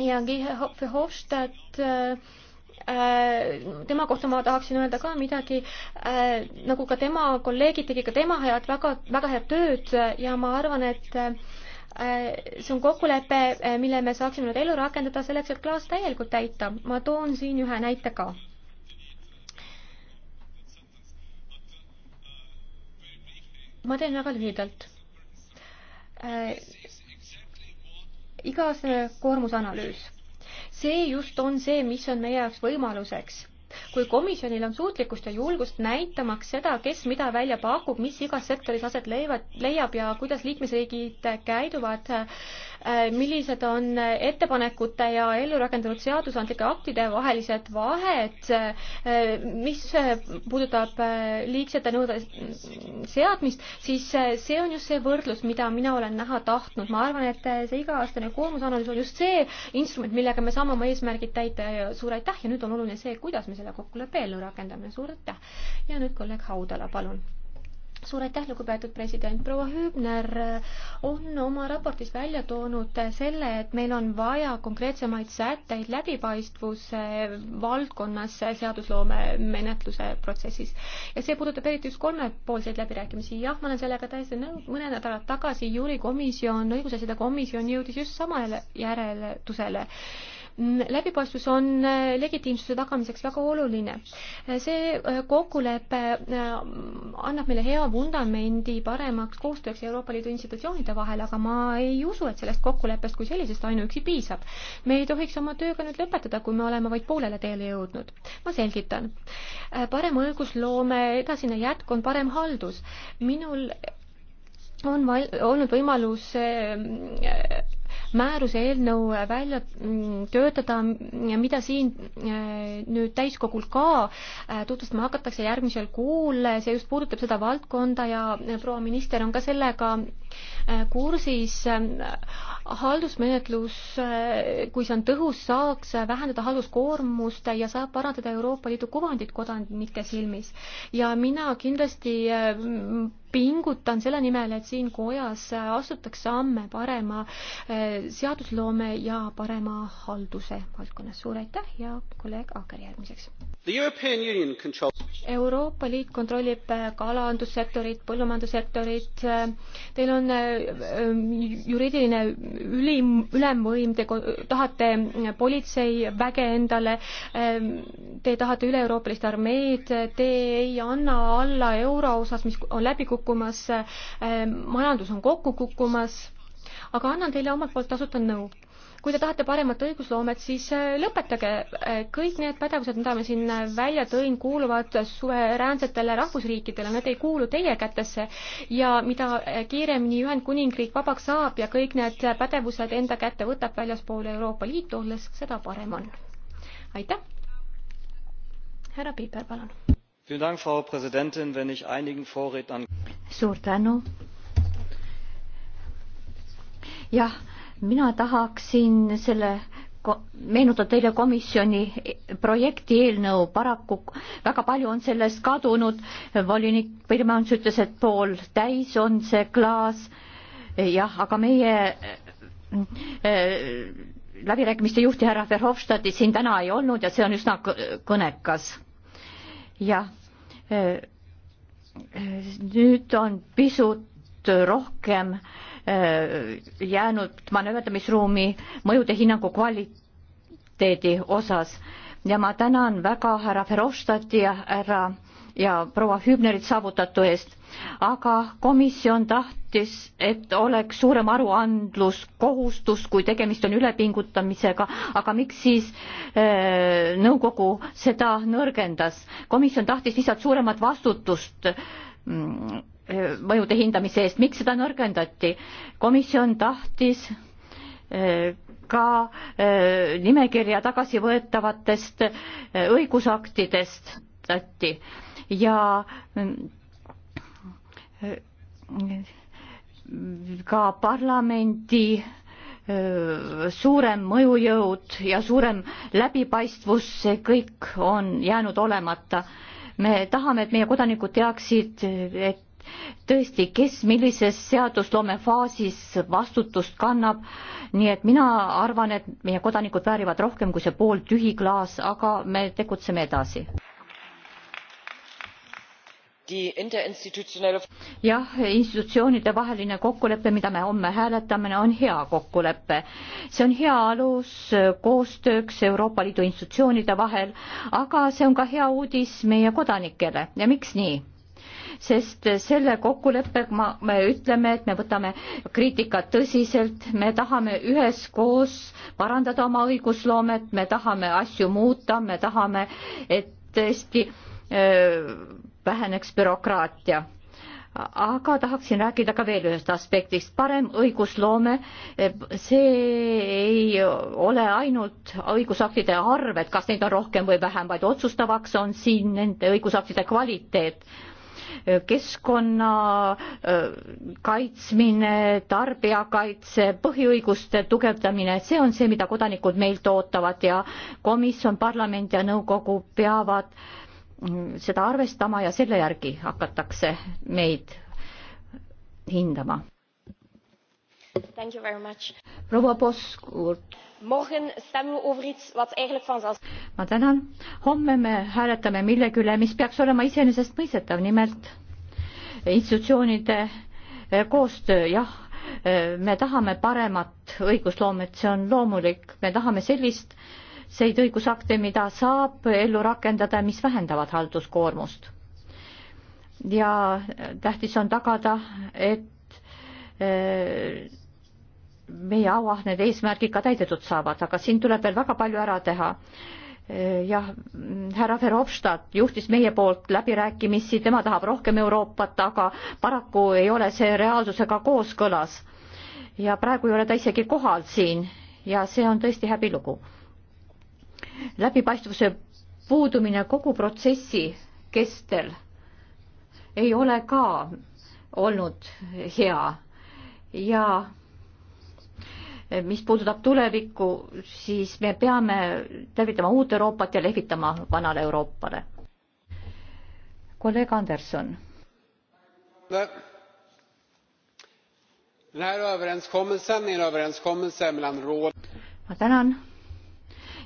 ja Verhofstadt äh, Äh, tema kohta ma tahaksin öelda ka midagi, äh, nagu ka tema kolleegid, tegi ka tema head, väga, väga head tööd ja ma arvan, et äh, see on kokkulepe, mille me saaksime nüüd ellu rakendada selleks, et klaas täielikult täita. ma toon siin ühe näite ka. ma teen väga lühidalt. igas koormusanalüüs see just on see, mis on meie jaoks võimaluseks kui komisjonil on suutlikkust ja julgust näitamaks seda, kes mida välja pakub, mis igas sektoris aset leivad, leiab ja kuidas liikmesriigid käiduvad äh, Äh, millised on ettepanekute ja ellurakendatud seadusandlike aktide vahelised vahed, äh, mis äh, puudutab liigsete nõude seadmist, siis see on just see võrdlus, mida mina olen näha tahtnud. ma arvan, et see iga-aastane koormusanalüüs on just see instrument, millega me saame oma eesmärgid täita ja suur aitäh ja nüüd on oluline see, kuidas me selle kokkuleppe ellu rakendame. suur aitäh! ja nüüd kolleeg Haudala, palun suur aitäh, lugupeetud president, proua Hübner on oma raportis välja toonud selle, et meil on vaja konkreetsemaid sätteid läbipaistvuse valdkonnas seadusloome menetluse protsessis. ja see puudutab eriti just kolmepoolseid läbirääkimisi, jah, ma olen sellega täiesti nõus, mõne nädala tagasi juurikomisjon, õigusasjade komisjon jõudis just samale järeldusele läbipaistvus on äh, legitiimsuse tagamiseks väga oluline. Äh, see äh, kokkulepe annab meile hea vundamendi paremaks koostööks Euroopa Liidu institutsioonide vahel, aga ma ei usu, et sellest kokkuleppest kui sellisest ainuüksi piisab. me ei tohiks oma tööga nüüd lõpetada, kui me oleme vaid poolele teele jõudnud. ma selgitan. parem õigusloome edasine jätk on parem haldus. minul on val-, olnud võimalus määruse eelnõu välja mm, töötada, mida siin äh, nüüd täiskogul ka äh, tutvustama hakatakse järgmisel kuul, see just puudutab seda valdkonda ja äh, proua minister on ka sellega Äh, kursis. Ähm, haldusmenetlus, äh, kui see on tõhus, saaks äh, vähendada halduskoormust ja saab parandada Euroopa Liidu kuvandit kodanike silmis. ja mina kindlasti pingutan selle nimel, et siin kojas astutaks samme parema seadusloome ja parema halduse valdkonnas. suur aitäh ja kolleeg Aaker järgmiseks. Euroopa Liit kontrollib kalandussektorit, põllumajandussektorit, teil on on ähm, juriidiline ülim, ülemvõim, te tahate politseiväge endale, ähm, te tahate üle-euroopalist armeed, te ei anna alla euro osas, mis on läbi kukkumas, ähm, majandus on kokku kukkumas, aga annan teile omalt poolt tasuta nõu kui te tahate paremat õigusloomet, siis äh, lõpetage. Äh, kõik need pädevused, mida ma siin äh, välja tõin, kuuluvad suveräänsetele rahvusriikidele, need ei kuulu teie kätesse ja mida kiiremini Ühendkuningriik vabaks saab ja kõik need pädevused enda kätte võtab väljaspool Euroopa Liitu olles, seda parem on. aitäh. härra Piiper, palun. Frau Präsidentin, wenn ich einigen Vorrednern suur tänu. jah mina tahaksin selle meenutan teile komisjoni projekti eelnõu, paraku väga palju on sellest kadunud, volinik Pirmans ütles, et pool täis on see klaas, jah, aga meie äh, äh, läbirääkimiste juhti härra Verhofstadti siin täna ei olnud ja see on üsna kõnekas. jah, äh, nüüd on pisut rohkem äh, jäänud manööverdamisruumi mõjude hinnangu kvaliteedi osas ja ma tänan väga härra Verhofstadti ja härra ja proua Hübnerit saavutatu eest, aga komisjon tahtis, et oleks suurem aruandlus, kohustus, kui tegemist on ülepingutamisega, aga miks siis äh, nõukogu seda nõrgendas? komisjon tahtis lihtsalt suuremat vastutust mm, Eh, mõjude hindamise eest, miks seda nõrgendati? komisjon tahtis eh, ka eh, nimekirja tagasivõetavatest õigusaktidest tõtti ja ka parlamendi suurem mõjujõud ja suurem läbipaistvus, see kõik on jäänud olemata. me tahame, et meie kodanikud teaksid, et tõesti, kes millises seadusloome faasis vastutust kannab. nii et mina arvan, et meie kodanikud väärivad rohkem kui see pooltühi klaas, aga me tegutseme edasi. jah, institutsioonide vaheline kokkulepe, mida me homme hääletame, on hea kokkulepe. see on hea alus koostööks Euroopa Liidu institutsioonide vahel, aga see on ka hea uudis meie kodanikele ja miks nii? sest selle kokkuleppega me ütleme, et me võtame kriitikat tõsiselt, me tahame üheskoos parandada oma õigusloomet, me tahame asju muuta, me tahame, et tõesti väheneks bürokraatia aga tahaksin rääkida ka veel ühest aspektist, parem õigusloome, e, see ei ole ainult õigusaktide arv, et kas neid on rohkem või vähem, vaid otsustavaks on siin nende õigusaktide kvaliteet keskkonna kaitsmine, tarbijakaitse, põhiõiguste tugevdamine, see on see, mida kodanikud meilt ootavad ja komisjon, parlament ja nõukogu peavad mm, seda arvestama ja selle järgi hakatakse meid hindama proua Poskurt. ma tänan. homme me hääletame millegi üle, mis peaks olema iseenesestmõistetav, nimelt institutsioonide eh, koostöö, jah, eh, me tahame paremat õigusloomet, see on loomulik, me tahame sellist neid õigusakte, mida saab ellu rakendada ja mis vähendavad halduskoormust. ja tähtis on tagada, et eh, meie auahned eesmärgid ka täidetud saavad, aga siin tuleb veel väga palju ära teha. Eh, jah, härra Verhofstadt juhtis meie poolt läbirääkimisi, tema tahab rohkem Euroopat, aga paraku ei ole see reaalsusega kooskõlas. ja praegu ei ole ta isegi kohal siin ja see on tõesti häbilugu. läbipaistvuse puudumine kogu protsessi kestel ei ole ka olnud hea ja mis puudutab tulevikku, siis me peame tervitama uut Euroopat ja lehvitama vanale Euroopale. kolleeg Anderson. ma tänan.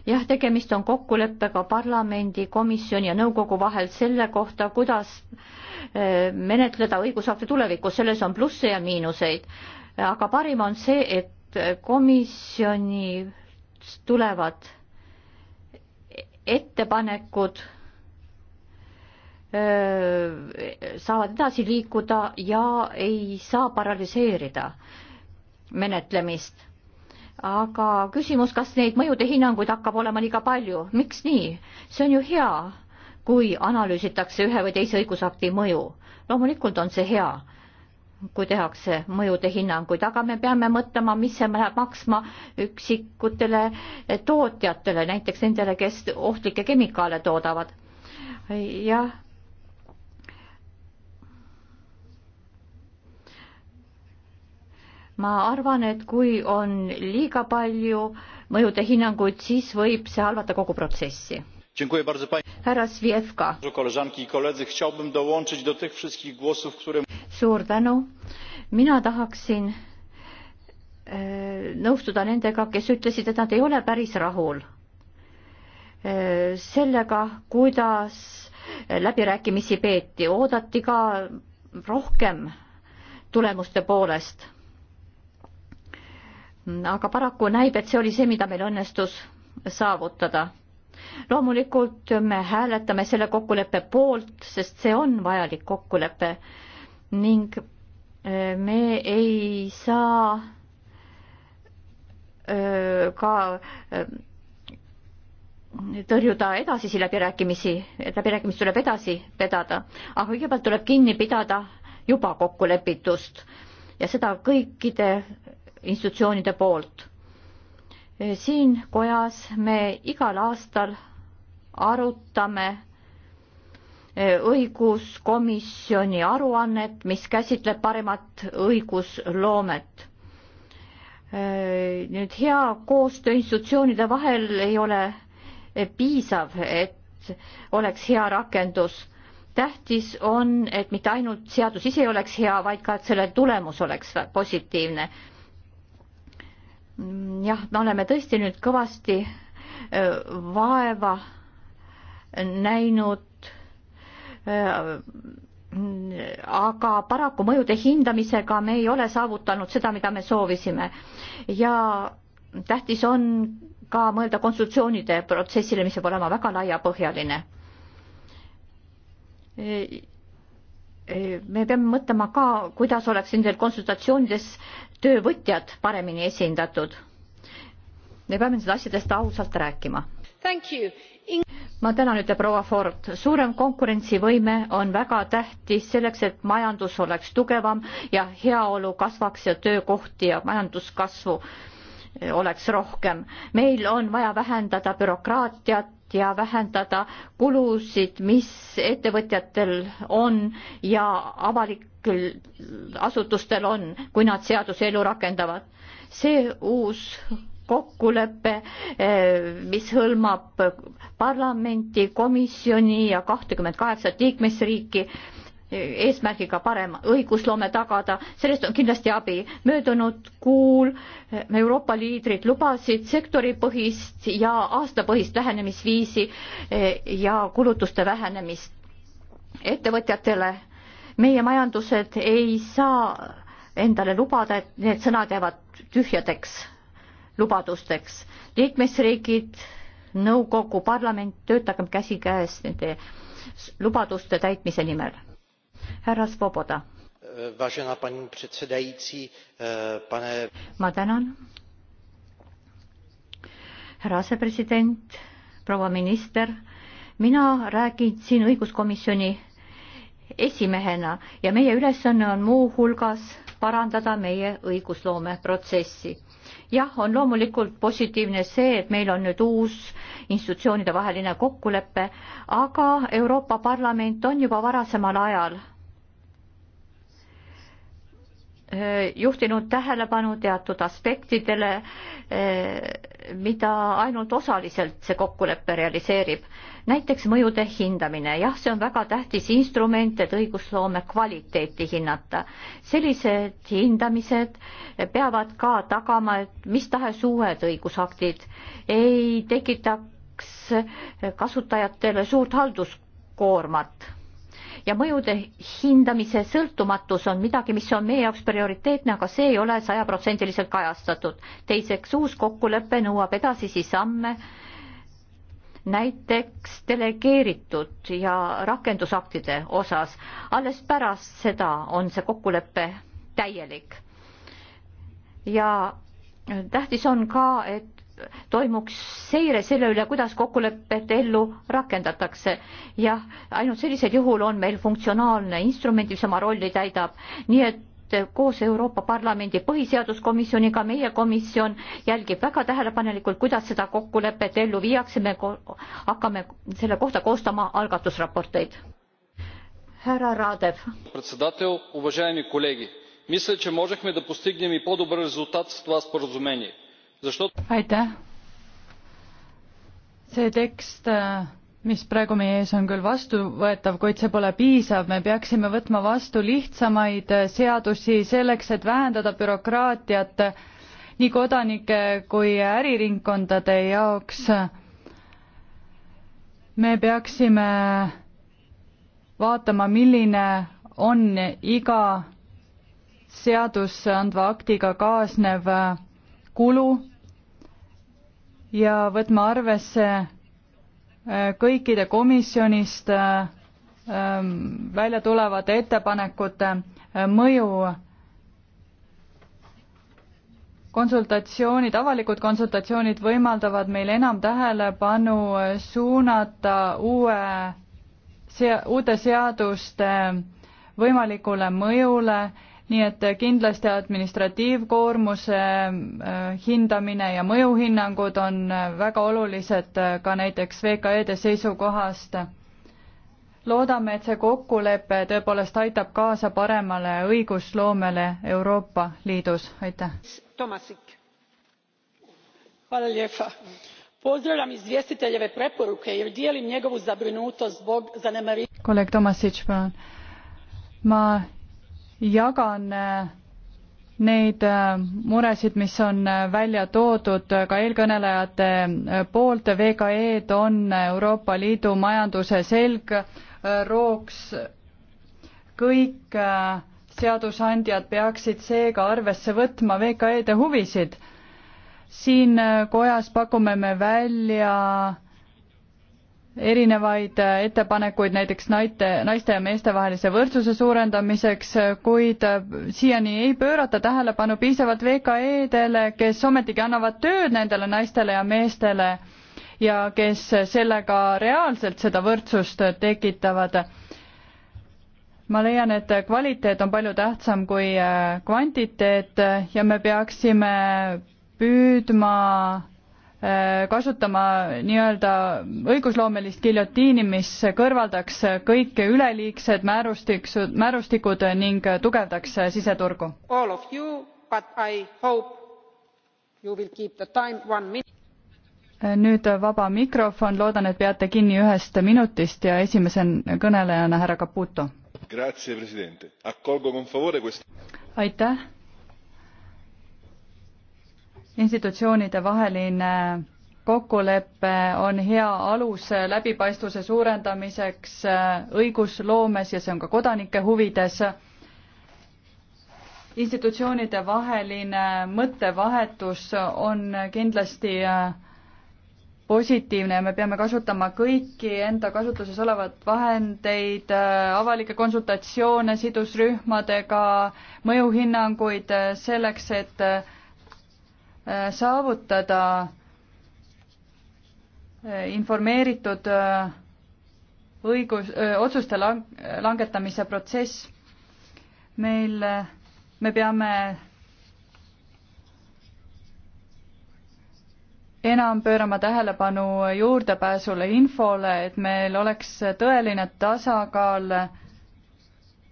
jah, tegemist on kokkuleppega parlamendi, komisjoni ja nõukogu vahel selle kohta, kuidas eh, menetleda õigusakti tulevikus, selles on plusse ja miinuseid aga parim on see, et komisjoni tulevad ettepanekud saavad edasi liikuda ja ei saa paralüseerida menetlemist. aga küsimus, kas neid mõjude hinnanguid hakkab olema liiga palju, miks nii? see on ju hea, kui analüüsitakse ühe või teise õigusakti mõju. loomulikult on see hea kui tehakse mõjude hinnanguid, aga me peame mõtlema, mis see läheb maksma üksikutele tootjatele, näiteks nendele, kes ohtlikke kemikaale toodavad. jah. ma arvan, et kui on liiga palju mõjude hinnanguid, siis võib see halvata kogu protsessi härra Svjevka. suur tänu, mina tahaksin e, nõustuda nendega, kes ütlesid, et nad ei ole päris rahul e, sellega, kuidas läbirääkimisi peeti, oodati ka rohkem tulemuste poolest. aga paraku näib, et see oli see, mida meil õnnestus saavutada loomulikult me hääletame selle kokkuleppe poolt, sest see on vajalik kokkulepe ning äh, me ei saa äh, ka äh, tõrjuda edasisi läbirääkimisi, läbirääkimisi tuleb edasi vedada, aga kõigepealt tuleb kinni pidada juba kokkulepitust ja seda kõikide institutsioonide poolt siin kojas me igal aastal arutame eh, õiguskomisjoni aruannet, mis käsitleb paremat õigusloomet. Eh, nüüd hea koostöö institutsioonide vahel ei ole eh, piisav, et oleks hea rakendus. tähtis on, et mitte ainult seadus ise ei oleks hea, vaid ka, et selle tulemus oleks positiivne jah, me oleme tõesti nüüd kõvasti vaeva näinud aga paraku mõjude hindamisega me ei ole saavutanud seda, mida me soovisime. ja tähtis on ka mõelda konsultatsioonide protsessile, mis peab olema väga laiapõhjaline. E, e, me peame mõtlema ka, kuidas oleks nendel konsultatsioonides töövõtjad paremini esindatud. me peame nendest asjadest ausalt rääkima. ma tänan, ütleb proua Ford. suurem konkurentsivõime on väga tähtis selleks, et majandus oleks tugevam ja heaolu kasvaks ja töökohti ja majanduskasvu eh, oleks rohkem. meil on vaja vähendada bürokraatiat ja vähendada kulusid, mis ettevõtjatel on ja avalik küll asutustel on, kui nad seaduse elu rakendavad. see uus kokkulepe, eh, mis hõlmab parlamenti, komisjoni ja kahtekümmet kaheksat liikmesriiki, eesmärgiga parem õigusloome tagada, sellest on kindlasti abi. möödunud kuul Euroopa liidrid lubasid sektoripõhist ja aastapõhist lähenemisviisi eh, ja kulutuste vähenemist ettevõtjatele meie majandused ei saa endale lubada, et need sõnad jäävad tühjadeks lubadusteks. liikmesriigid, nõukogu, parlament, töötagem käsikäes nende lubaduste täitmise nimel. härra Svoboda. Eh, pane... ma tänan. härra asepresident, proua minister, mina räägin siin õiguskomisjoni esimehena ja meie ülesanne on muuhulgas parandada meie õigusloome protsessi. jah, on loomulikult positiivne see, et meil on nüüd uus institutsioonide vaheline kokkulepe, aga Euroopa Parlament on juba varasemal ajal eh, juhtinud tähelepanu teatud aspektidele eh, mida ainult osaliselt see kokkulepe realiseerib. näiteks mõjude hindamine, jah, see on väga tähtis instrument, et õigusloome kvaliteeti hinnata. sellised hindamised peavad ka tagama, et mis tahes uued õigusaktid ei tekitaks kasutajatele suurt halduskoormat ja mõjude hindamise sõltumatus on midagi, mis on meie jaoks prioriteetne, aga see ei ole sajaprotsendiliselt kajastatud. teiseks, uus kokkulepe nõuab edasisi samme, näiteks delegeeritud ja rakendusaktide osas. alles pärast seda on see kokkulepe täielik. ja tähtis on ka, et toimuks seire selle üle, kuidas kokkulepet ellu rakendatakse. jah, ainult sellisel juhul on meil funktsionaalne instrument, mis oma rolli täidab, nii et koos Euroopa Parlamendi põhiseaduskomisjoniga meie komisjon jälgib väga tähelepanelikult, kuidas seda kokkulepet ellu viiakse, me hakkame selle kohta koostama algatusraporteid. härra Raadev. председател, уважаеми колеги, мисля, че можехме да постигнем и по-добър резултат с това споразумение aitäh. see tekst, äh, mis praegu meie ees on küll vastuvõetav, kuid see pole piisav, me peaksime võtma vastu lihtsamaid äh, seadusi selleks, et vähendada bürokraatiat äh, nii kodanike kui äriringkondade jaoks. me peaksime vaatama, milline on iga seadusandva aktiga kaasnev kulu ja võtma arvesse äh, kõikide komisjonist äh, ähm, välja tulevate ettepanekute äh, mõju konsultatsioonid, avalikud konsultatsioonid võimaldavad meil enam tähelepanu suunata uue, uute seaduste võimalikule mõjule nii et kindlasti administratiivkoormuse äh, hindamine ja mõjuhinnangud on äh, väga olulised äh, ka näiteks VKE-de seisukohast. loodame, et see kokkulepe tõepoolest aitab kaasa paremale õigusloomele Euroopa Liidus, aitäh. Pozdravljam izvjestiteljeve preporuke jer dijelim njegovu zabrinutost zbog zanemarivanja. kolleeg Tomasic, palun. ma jagan äh, neid äh, muresid, mis on äh, välja toodud ka eelkõnelejate poolt, VKE-d on Euroopa Liidu majanduse selgrooks, kõik seadusandjad peaksid seega arvesse võtma VKE-de huvisid. siin kojas pakume me välja erinevaid äh, ettepanekuid näiteks naite, naiste ja meeste vahelise võrdsuse suurendamiseks, kuid äh, siiani ei pöörata tähelepanu piisavalt VKE-dele, kes ometigi annavad tööd nendele naistele ja meestele ja kes sellega reaalselt seda võrdsust tekitavad. ma leian, et kvaliteet on palju tähtsam kui äh, kvantiteet ja me peaksime püüdma Äh, kasutama nii-öelda õigusloomelist giljotiini, mis kõrvaldaks kõik üleliigsed määrustiks, määrustikud ning tugevdaks siseturgu. nüüd vaba mikrofon, loodan, et peate kinni ühest minutist ja esimese kõnelejana härra Caputo. aitäh institutsioonide vaheline kokkulepe on hea alus läbipaistvuse suurendamiseks õigusloomes ja see on ka kodanike huvides. institutsioonide vaheline mõttevahetus on kindlasti positiivne ja me peame kasutama kõiki enda kasutuses olevat vahendeid, avalikke konsultatsioone sidusrühmadega, mõjuhinnanguid selleks, et Äh, saavutada äh, informeeritud äh, õigus, otsuste lang-, langetamise protsess. meil, me peame enam pöörama tähelepanu juurdepääsule infole, et meil oleks tõeline tasakaal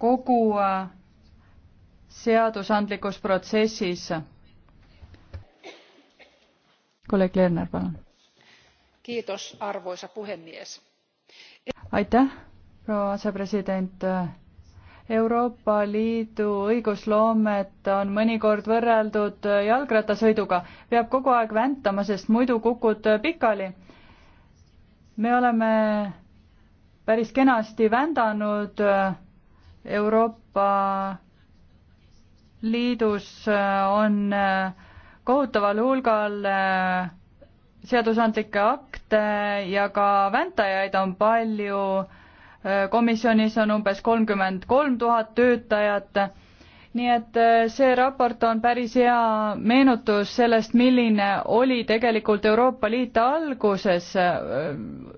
kogu seadusandlikus protsessis kolleeg arvoisa puhemies aitäh proua asepresident euroopa liidu õigusloomet on mõnikord võrreldud jalgrattasõiduga peab kogu aeg väntama sest muidu kukud pikali me oleme päris kenasti vändanud euroopa liidus on äh, kohutaval hulgal äh, seadusandlikke akte ja ka väntajaid on palju, äh, komisjonis on umbes kolmkümmend kolm tuhat töötajat, nii et äh, see raport on päris hea meenutus sellest, milline oli tegelikult Euroopa Liit alguses.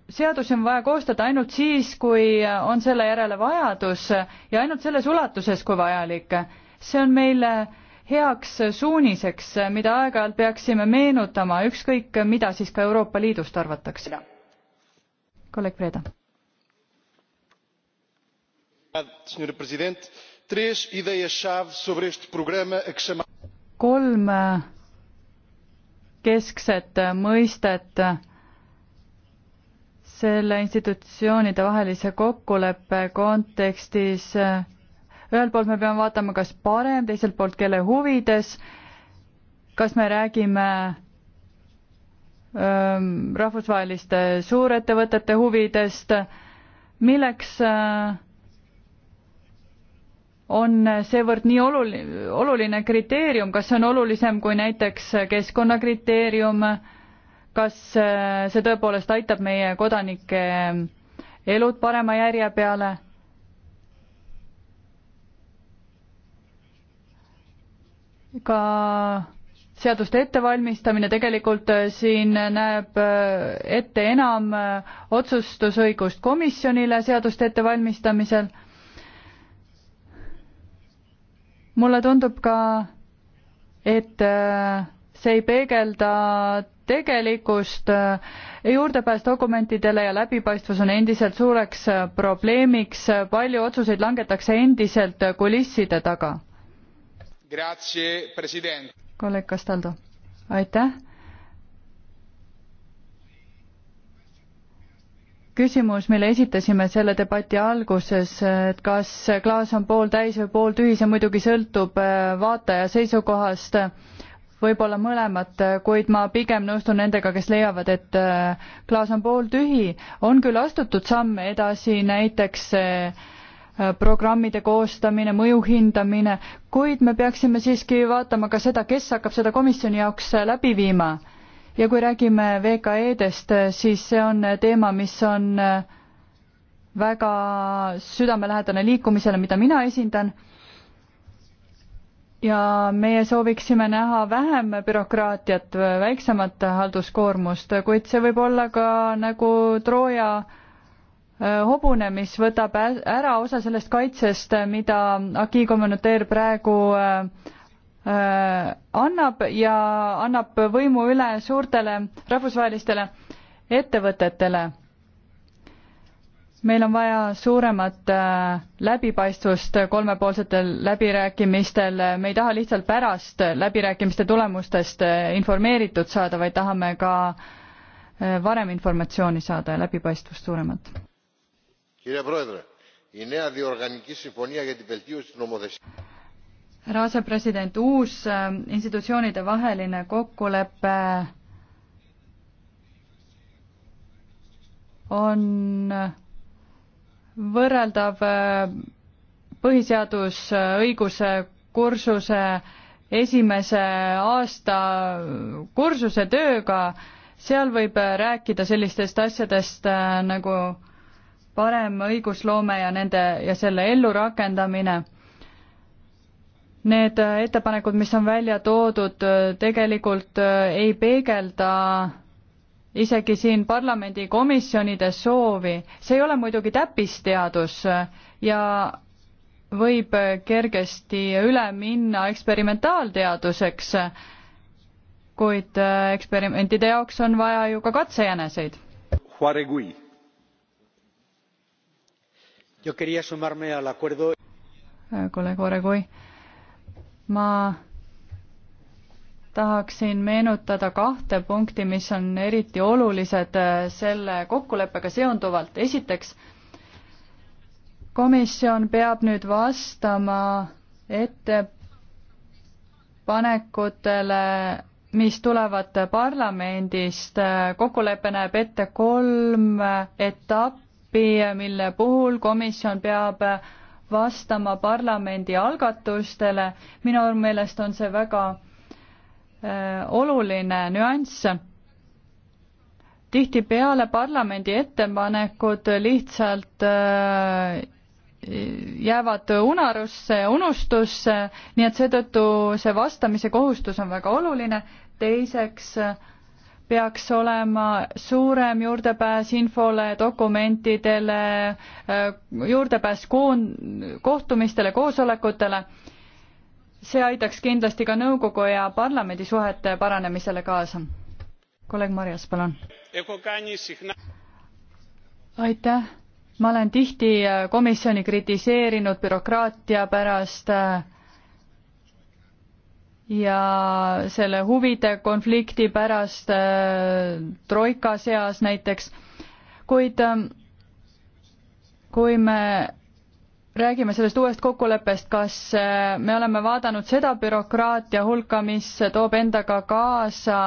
seadusi on vaja koostada ainult siis, kui on selle järele vajadus ja ainult selles ulatuses, kui vajalik. see on meile äh, heaks suuniseks, mida aeg-ajalt peaksime meenutama, ükskõik mida siis ka Euroopa Liidust arvatakse. kolleeg Preda. kolm keskset mõistet selle institutsioonide vahelise kokkuleppe kontekstis ühelt poolt me peame vaatama, kas parem, teiselt poolt, kelle huvides, kas me räägime ähm, rahvusvaheliste suurettevõtete huvidest, milleks äh, on seevõrd nii oluline, oluline kriteerium, kas see on olulisem kui näiteks keskkonnakriteerium, kas äh, see tõepoolest aitab meie kodanike elud parema järje peale ka seaduste ettevalmistamine tegelikult äh, siin näeb äh, ette enam äh, otsustusõigust komisjonile seaduste ettevalmistamisel. mulle tundub ka, et see ei peegelda tegelikkust, juurdepääs dokumentidele ja läbipaistvus on endiselt suureks probleemiks, palju otsuseid langetakse endiselt kulisside taga kolleeg Castaldo, aitäh. küsimus, mille esitasime selle debati alguses, et kas klaas on pooltäis või pooltühi, see muidugi sõltub äh, vaataja seisukohast, võib-olla mõlemat, kuid ma pigem nõustun nendega, kes leiavad, et äh, klaas on pooltühi. on küll astutud samme edasi, näiteks äh, Äh, programmide koostamine, mõju hindamine, kuid me peaksime siiski vaatama ka seda, kes hakkab seda komisjoni jaoks äh, läbi viima. ja kui räägime VKE-dest, äh, siis see on teema, mis on väga südamelähedane liikumisele, mida mina esindan. ja meie sooviksime näha vähem bürokraatiat, väiksemat halduskoormust, kuid see võib olla ka nagu Trooja Äh, hobune, mis võtab ära osa sellest kaitsest, äh, mida Aki Communautaire praegu äh, annab ja annab võimu üle suurtele rahvusvahelistele ettevõtetele. meil on vaja suuremat läbipaistvust kolmepoolsetel läbirääkimistel, me ei taha lihtsalt pärast läbirääkimiste tulemustest informeeritud saada, vaid tahame ka varem informatsiooni saada ja läbipaistvust suuremat härra asepresident, uus institutsioonide vaheline kokkulepe on võrreldav põhiseadusõiguse kursuse esimese aasta kursuse tööga, seal võib äh, rääkida sellistest asjadest äh, nagu parem õigusloome ja nende ja selle ellurakendamine. Need ettepanekud, mis on välja toodud, tegelikult äh, ei peegelda isegi siin parlamendi komisjonide soovi. see ei ole muidugi täppisteadus ja võib kergesti üle minna eksperimentaalteaduseks, kuid äh, eksperimentide jaoks on vaja ju ka katsejäneseid. Juaregui Yo quería sumarme al acuerdo. Äh, kolleeg Oregoi, ma tahaksin meenutada kahte punkti, mis on eriti olulised äh, selle kokkuleppega seonduvalt. esiteks, komisjon peab nüüd vastama ettepanekutele, mis tulevad parlamendist. Äh, kokkulepe näeb ette kolm etappi mille puhul komisjon peab vastama parlamendi algatustele. minu meelest on see väga äh, oluline nüanss. tihtipeale parlamendi ettepanekud lihtsalt äh, jäävad unarusse ja unustusse, nii et seetõttu see vastamise kohustus on väga oluline. teiseks äh, peaks olema suurem juurdepääs infole, dokumentidele, äh, juurdepääs koon-, kohtumistele, koosolekutele. see aitaks kindlasti ka nõukogu ja parlamendi suhete paranemisele kaasa. kolleeg Marjas, palun. aitäh. ma olen tihti komisjoni kritiseerinud bürokraatia pärast äh, ja selle huvide konflikti pärast äh, troika seas näiteks, kuid äh, kui me räägime sellest uuest kokkuleppest, kas äh, me oleme vaadanud seda bürokraatia hulka, mis toob endaga kaasa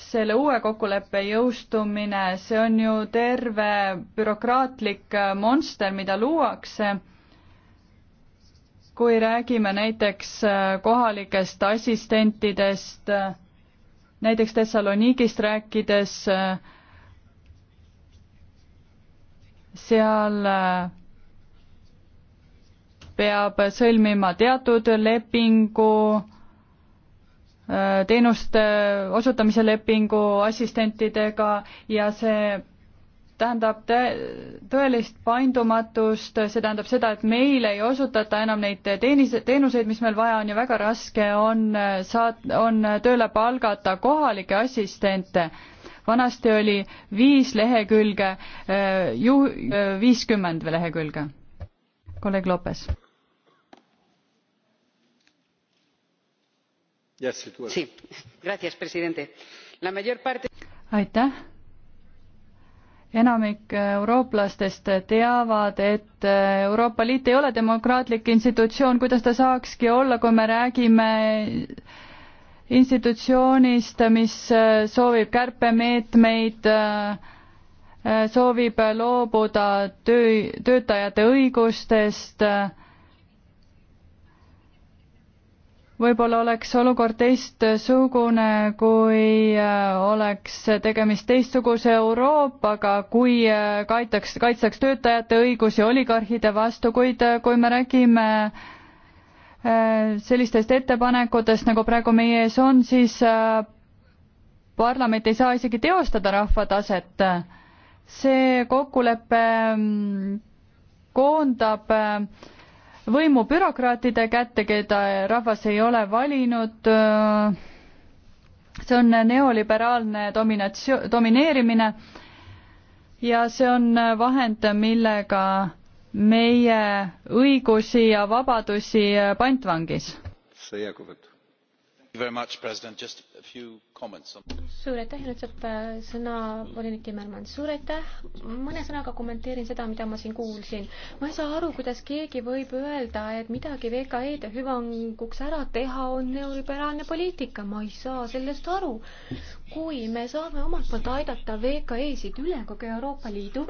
selle uue kokkuleppe jõustumine, see on ju terve bürokraatlik äh, monster, mida luuakse äh, kui räägime näiteks äh, kohalikest assistentidest, äh, näiteks Thessalonikist rääkides, äh, seal peab sõlmima teatud lepingu, teenuste osutamise lepingu assistentidega ja see tähendab tõelist paindumatust, see tähendab seda, et meile ei osutata enam neid teenis-, teenuseid, mis meil vaja on ja väga raske on äh, saat-, on tööle palgata kohalikke assistente. vanasti oli viis lehekülge, äh, ju-, äh, viiskümmend lehekülge. kolleeg Lopes. aitäh enamik eurooplastest teavad, et Euroopa Liit ei ole demokraatlik institutsioon, kuidas ta saakski olla, kui me räägime institutsioonist, mis soovib kärpemeetmeid, soovib loobuda töö, töötajate õigustest äh, võib-olla oleks olukord teistsugune, kui äh, oleks tegemist teistsuguse Euroopaga, kui äh, kaitaks, kaitseks töötajate õigusi oligarhide vastu, kuid äh, kui me räägime sellistest ettepanekutest, nagu praegu meie ees on, siis parlament ei saa isegi teostada rahva taset. see kokkulepe mm, koondab äh, võimu bürokraatide kätte, keda rahvas ei ole valinud. see on neoliberaalne dominatsioon, domineerimine ja see on vahend, millega meie õigusi ja vabadusi pantvangis. see jääb võtta suur aitäh, nüüd saab äh, sõna volinik Timmermann. suur aitäh, mõne sõnaga kommenteerin seda, mida ma siin kuulsin. ma ei saa aru, kuidas keegi võib öelda, et midagi VKE-de hüvanguks ära teha on neoliberaalne poliitika, ma ei saa sellest aru. kui me saame omalt poolt aidata VKE-sid üle kogu Euroopa Liidu,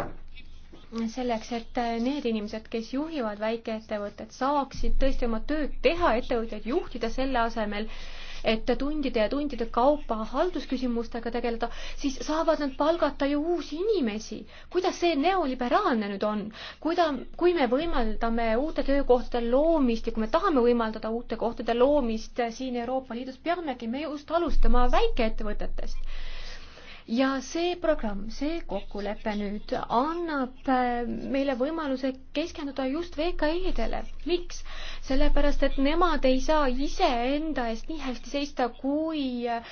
selleks, et need inimesed, kes juhivad väikeettevõtet, saaksid tõesti oma tööd teha, ettevõtjaid juhtida selle asemel, et tundide ja tundide kaupa haldusküsimustega tegeleda, siis saavad nad palgata ju uusi inimesi. kuidas see neoliberaalne nüüd on? kuida-, kui me võimaldame uute töökohtade loomist ja kui me tahame võimaldada uute kohtade loomist äh, siin Euroopa Liidus, peamegi me just alustama väikeettevõtetest ja see programm, see kokkulepe nüüd annab äh, meile võimaluse keskenduda just VKI-dele. miks? sellepärast, et nemad ei saa iseenda eest nii hästi seista, kui äh,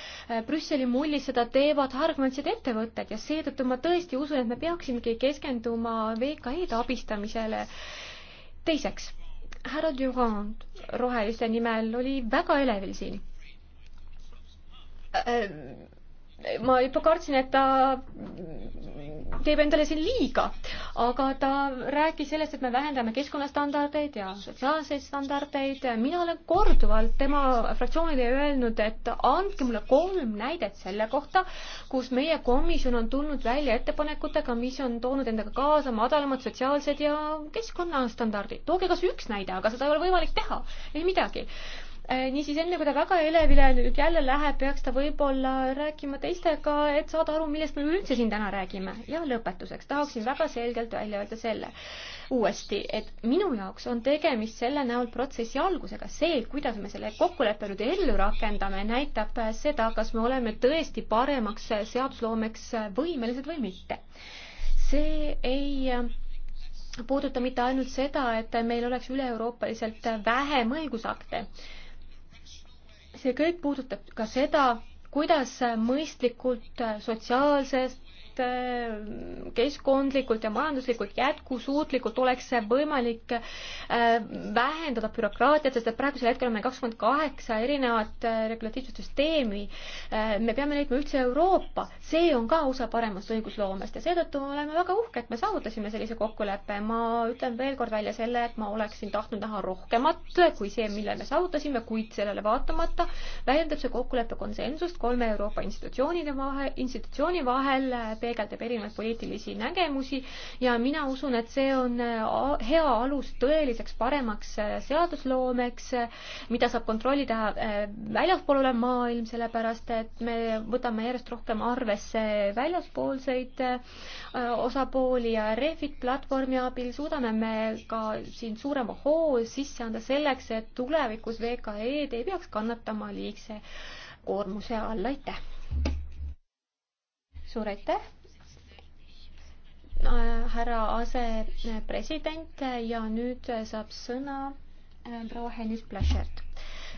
Brüsseli mullis seda teevad hargmaised ettevõtted ja seetõttu ma tõesti usun, et me peaksimegi keskenduma VKI-de abistamisele. teiseks, härra Durand roheliste nimel oli väga elevil siin äh, ma juba kartsin, et ta teeb endale siin liiga, aga ta rääkis sellest, et me vähendame keskkonnastandardeid ja sotsiaalseid standardeid. mina olen korduvalt tema fraktsioonile öelnud, et andke mulle kolm näidet selle kohta, kus meie komisjon on tulnud välja ettepanekutega, mis on toonud endaga kaasa madalamad sotsiaalsed ja keskkonnastandardid. tooge kas üks näide, aga seda ei ole võimalik teha, ei midagi Äh, niisiis, enne kui ta väga elevile nüüd jälle läheb, peaks ta võib-olla rääkima teistega, et saada aru, millest me üldse siin täna räägime. ja lõpetuseks tahaksin väga selgelt välja öelda selle uuesti, et minu jaoks on tegemist selle näol protsessi algusega. see, kuidas me selle kokkuleppe nüüd ellu rakendame, näitab seda, kas me oleme tõesti paremaks seadusloomeks võimelised või mitte. see ei äh, puuduta mitte ainult seda, et meil oleks üle-euroopaliselt vähem õigusakte see kõik puudutab ka seda, kuidas mõistlikult sotsiaalsest et eh, keskkondlikult ja majanduslikult jätkusuutlikult oleks võimalik eh, vähendada bürokraatiat, sest et praegusel hetkel on meil kakskümmend kaheksa erinevat eh, regulatiivset süsteemi. me peame leidma üldse Euroopa, see on ka osa paremast õigusloomest ja seetõttu oleme väga uhked, me saavutasime sellise kokkuleppe. ma ütlen veel kord välja selle, et ma oleksin tahtnud näha rohkemat kui see, mille me saavutasime, kuid sellele vaatamata väljendab see kokkulepe konsensust kolme Euroopa institutsioonide vahel, institutsiooni vahel peegeldab erinevaid poliitilisi nägemusi ja mina usun, et see on äh, hea alus tõeliseks paremaks äh, seadusloomeks, äh, mida saab kontrollida väljaspool olev maailm, sellepärast et me võtame järjest rohkem arvesse väljaspoolseid osapooli ja Refit platvormi abil suudame me ka siin suurema hoo sisse anda selleks, et tulevikus VKE-d ei peaks kannatama liigse koormuse all, aitäh! suur aitäh! Äh, härra asepresident ja nüüd saab sõna äh, proua Hennis Plaschert.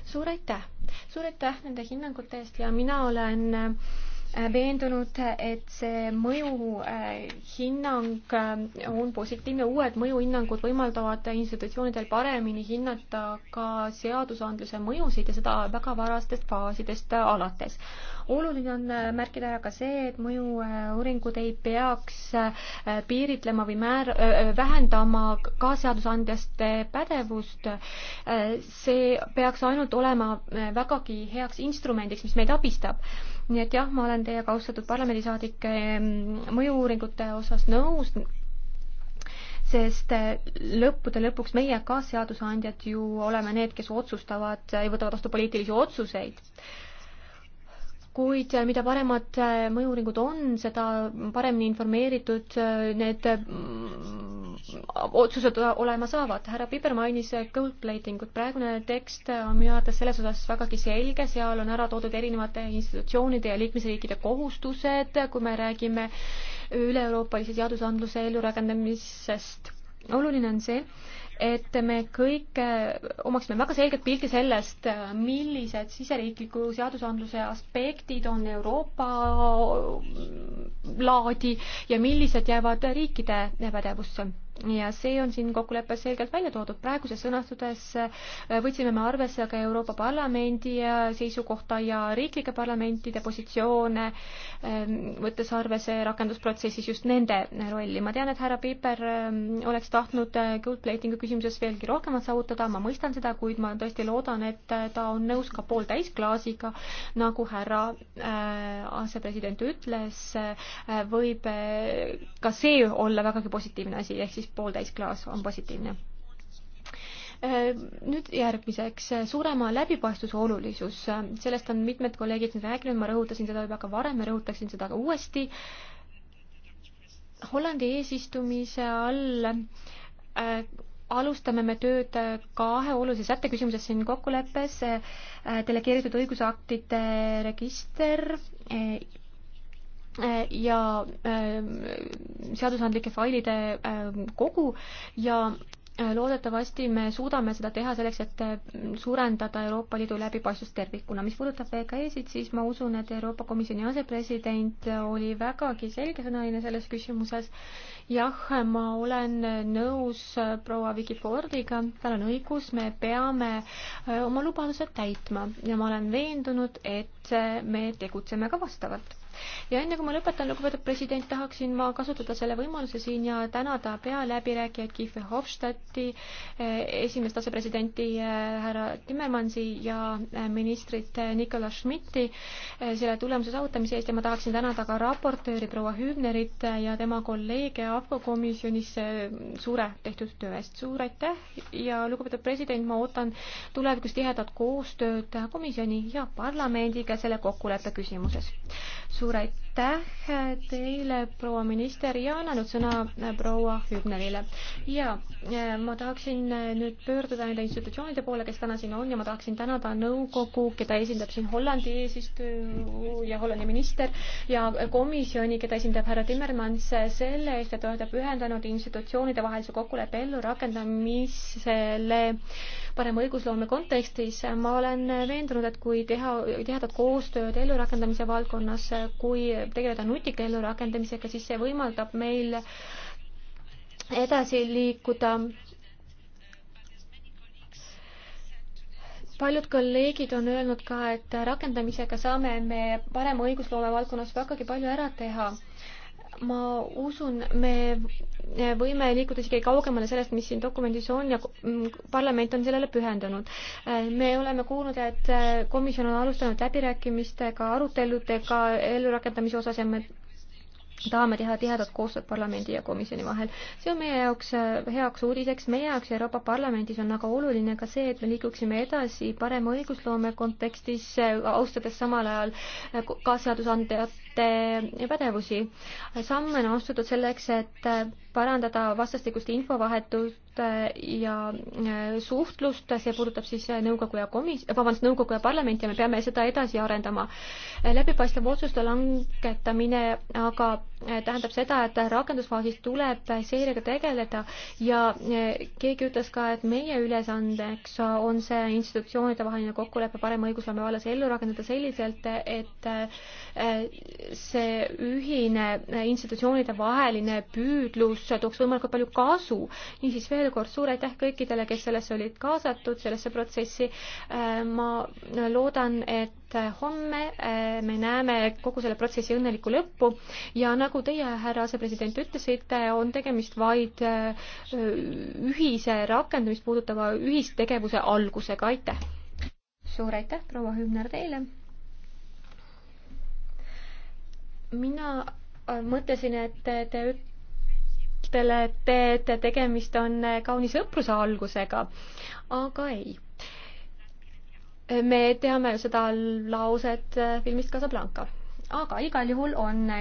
suur aitäh, suur aitäh nende hinnangute eest ja mina olen äh, veendunud, et see mõjuhinnang on positiivne, uued mõjuhinnangud võimaldavad institutsioonidel paremini hinnata ka seadusandluse mõjusid ja seda väga varastest faasidest alates oluline on äh, märkida ära ka see, et mõju-uuringud äh, ei peaks äh, piiritlema või määr-, vähendama ka seadusandjaste pädevust. see peaks ainult olema vägagi heaks instrumendiks, mis meid abistab. nii et jah, ma olen teiega, austatud parlamendisaadik, ähm, mõju-uuringute osas nõus sest lõppude lõpuks meie ka seadusandjad ju oleme need, kes otsustavad ja võtavad vastu poliitilisi otsuseid kuid eh, mida paremad eh, mõju-uuringud on, seda paremini informeeritud eh, need mm, otsused olema saavad. härra Piber mainis gold plating ut, praegune tekst on minu arvates selles osas vägagi selge, seal on ära toodud erinevate institutsioonide ja liikmesriikide kohustused, kui me räägime üle-euroopalise seadusandluse ellurakendamisest. oluline on see, et me kõik äh, omaksime väga selget pilti sellest, äh, millised siseriikliku seadusandluse aspektid on Euroopa äh, laadi ja millised jäävad riikide pädevusse ja see on siin kokkuleppes selgelt välja toodud. praeguses sõnastuses äh, võtsime me arvesse ka Euroopa Parlamendi äh, seisukohta ja riiklike parlamentide positsioone, ähm, võttes arvesse rakendusprotsessis just nende rolli. ma tean, et härra Piper ähm, oleks tahtnud äh, gold plating'u küsimuses veelgi rohkemat saavutada, ma mõistan seda, kuid ma tõesti loodan, et ta on nõus ka pooltäis klaasiga, nagu härra asepresident ütles, võib ka see olla vägagi positiivne asi, ehk siis siis pooltäis klaas on positiivne. Äh, nüüd järgmiseks, äh, suurema läbipaistvuse olulisus, äh, sellest on mitmed kolleegid siin rääkinud, ma rõhutasin seda juba ka varem ja rõhutaksin seda ka uuesti. Hollandi eesistumise all äh, alustame me tööd kahe olulise sätte küsimuses siin kokkuleppes, delegeeritud õigusaktide register ja ähm, seadusandlike failide ähm, kogu ja äh, loodetavasti me suudame seda teha selleks, et äh, suurendada Euroopa Liidu läbipaistvust tervikuna. mis puudutab VKE-sid, siis ma usun, et Euroopa Komisjoni asepresident oli vägagi selgesõnaline selles küsimuses. jah, ma olen nõus äh, proua Vicky Fordiga, tal on õigus, me peame oma lubadused täitma ja ma olen veendunud, et me tegutseme ka vastavalt ja enne kui ma lõpetan, lugupeetud president, tahaksin ma kasutada selle võimaluse siin ja tänada pealäbirääkijaid Kiefer Hofstadti, eh, esimest asepresidenti eh, härra Timmermansi ja eh, ministrit Nicolas Schmidti selle tulemuse saavutamise eest ja ma tahaksin tänada ka raportööri proua Hübnerit ja tema kolleege AFCO komisjonis suure tehtud töö eest. suur aitäh ja lugupeetud president, ma ootan tulevikus tihedat koostööd komisjoni ja parlamendiga selle kokkuleppe küsimuses suur aitäh! aitäh teile, proua minister ja annan nüüd sõna proua Hübnerile. ja ma tahaksin nüüd pöörduda nende institutsioonide poole, kes täna siin on ja ma tahaksin tänada nõukogu, keda esindab siin Hollandi eesistuja ja Hollandi minister ja komisjoni, keda esindab härra Timmermans selle eest, et olete pühendanud institutsioonide vahelise kokkuleppe ellurakendamisele parema õigusloome kontekstis. ma olen veendunud, et kui teha tihedat koostööd ellurakendamise valdkonnas, kui tegeleda nutika elu rakendamisega, siis see võimaldab meil edasi liikuda. paljud kolleegid on öelnud ka, et rakendamisega saame me parema õigusloome valdkonnas vägagi palju ära teha ma usun, me võime liikuda isegi kaugemale sellest, mis siin dokumendis on ja parlament on sellele pühendunud. me oleme kuulnud, et komisjon on alustanud läbirääkimistega, aruteludega ellurakendamise osas ja me tahame teha tihedat koostööd parlamendi ja komisjoni vahel. see on meie jaoks heaks uudiseks, meie jaoks Euroopa Parlamendis on aga oluline ka see, et me liiguksime edasi parema õigusloome kontekstis, austades samal ajal kaasseadusandjat ametiasutuste pädevusi. samme on astutud selleks, et parandada vastastikust infovahetust ja äh, suhtlust, see puudutab siis äh, nõukogu ja komis-, äh, vabandust, nõukogu ja parlamenti ja me peame seda edasi arendama. läbipaistev otsuste langetamine aga tähendab seda, et rakendusfaasis tuleb seirega tegeleda ja keegi ütles ka, et meie ülesandeks on see institutsioonide vaheline kokkulepe parema õigusloome vallas ellu rakendada selliselt, et see ühine institutsioonide vaheline püüdlus tooks võimalikult palju kasu. niisiis veel kord suur aitäh kõikidele, kes sellesse olid kaasatud, sellesse protsessi. Äh, ma loodan, et homme äh, me näeme kogu selle protsessi õnnelikku lõppu ja nagu teie, härra asepresident, ütlesite, on tegemist vaid äh, ühise rakendamist puudutava ühistegevuse algusega, aitäh! suur aitäh, proua Hübner, teile! mina äh, mõtlesin, et te ütlete, et tegemist on äh, kauni sõpruse algusega, aga ei. me teame ju seda lauset äh, filmist Casablanca, aga igal juhul on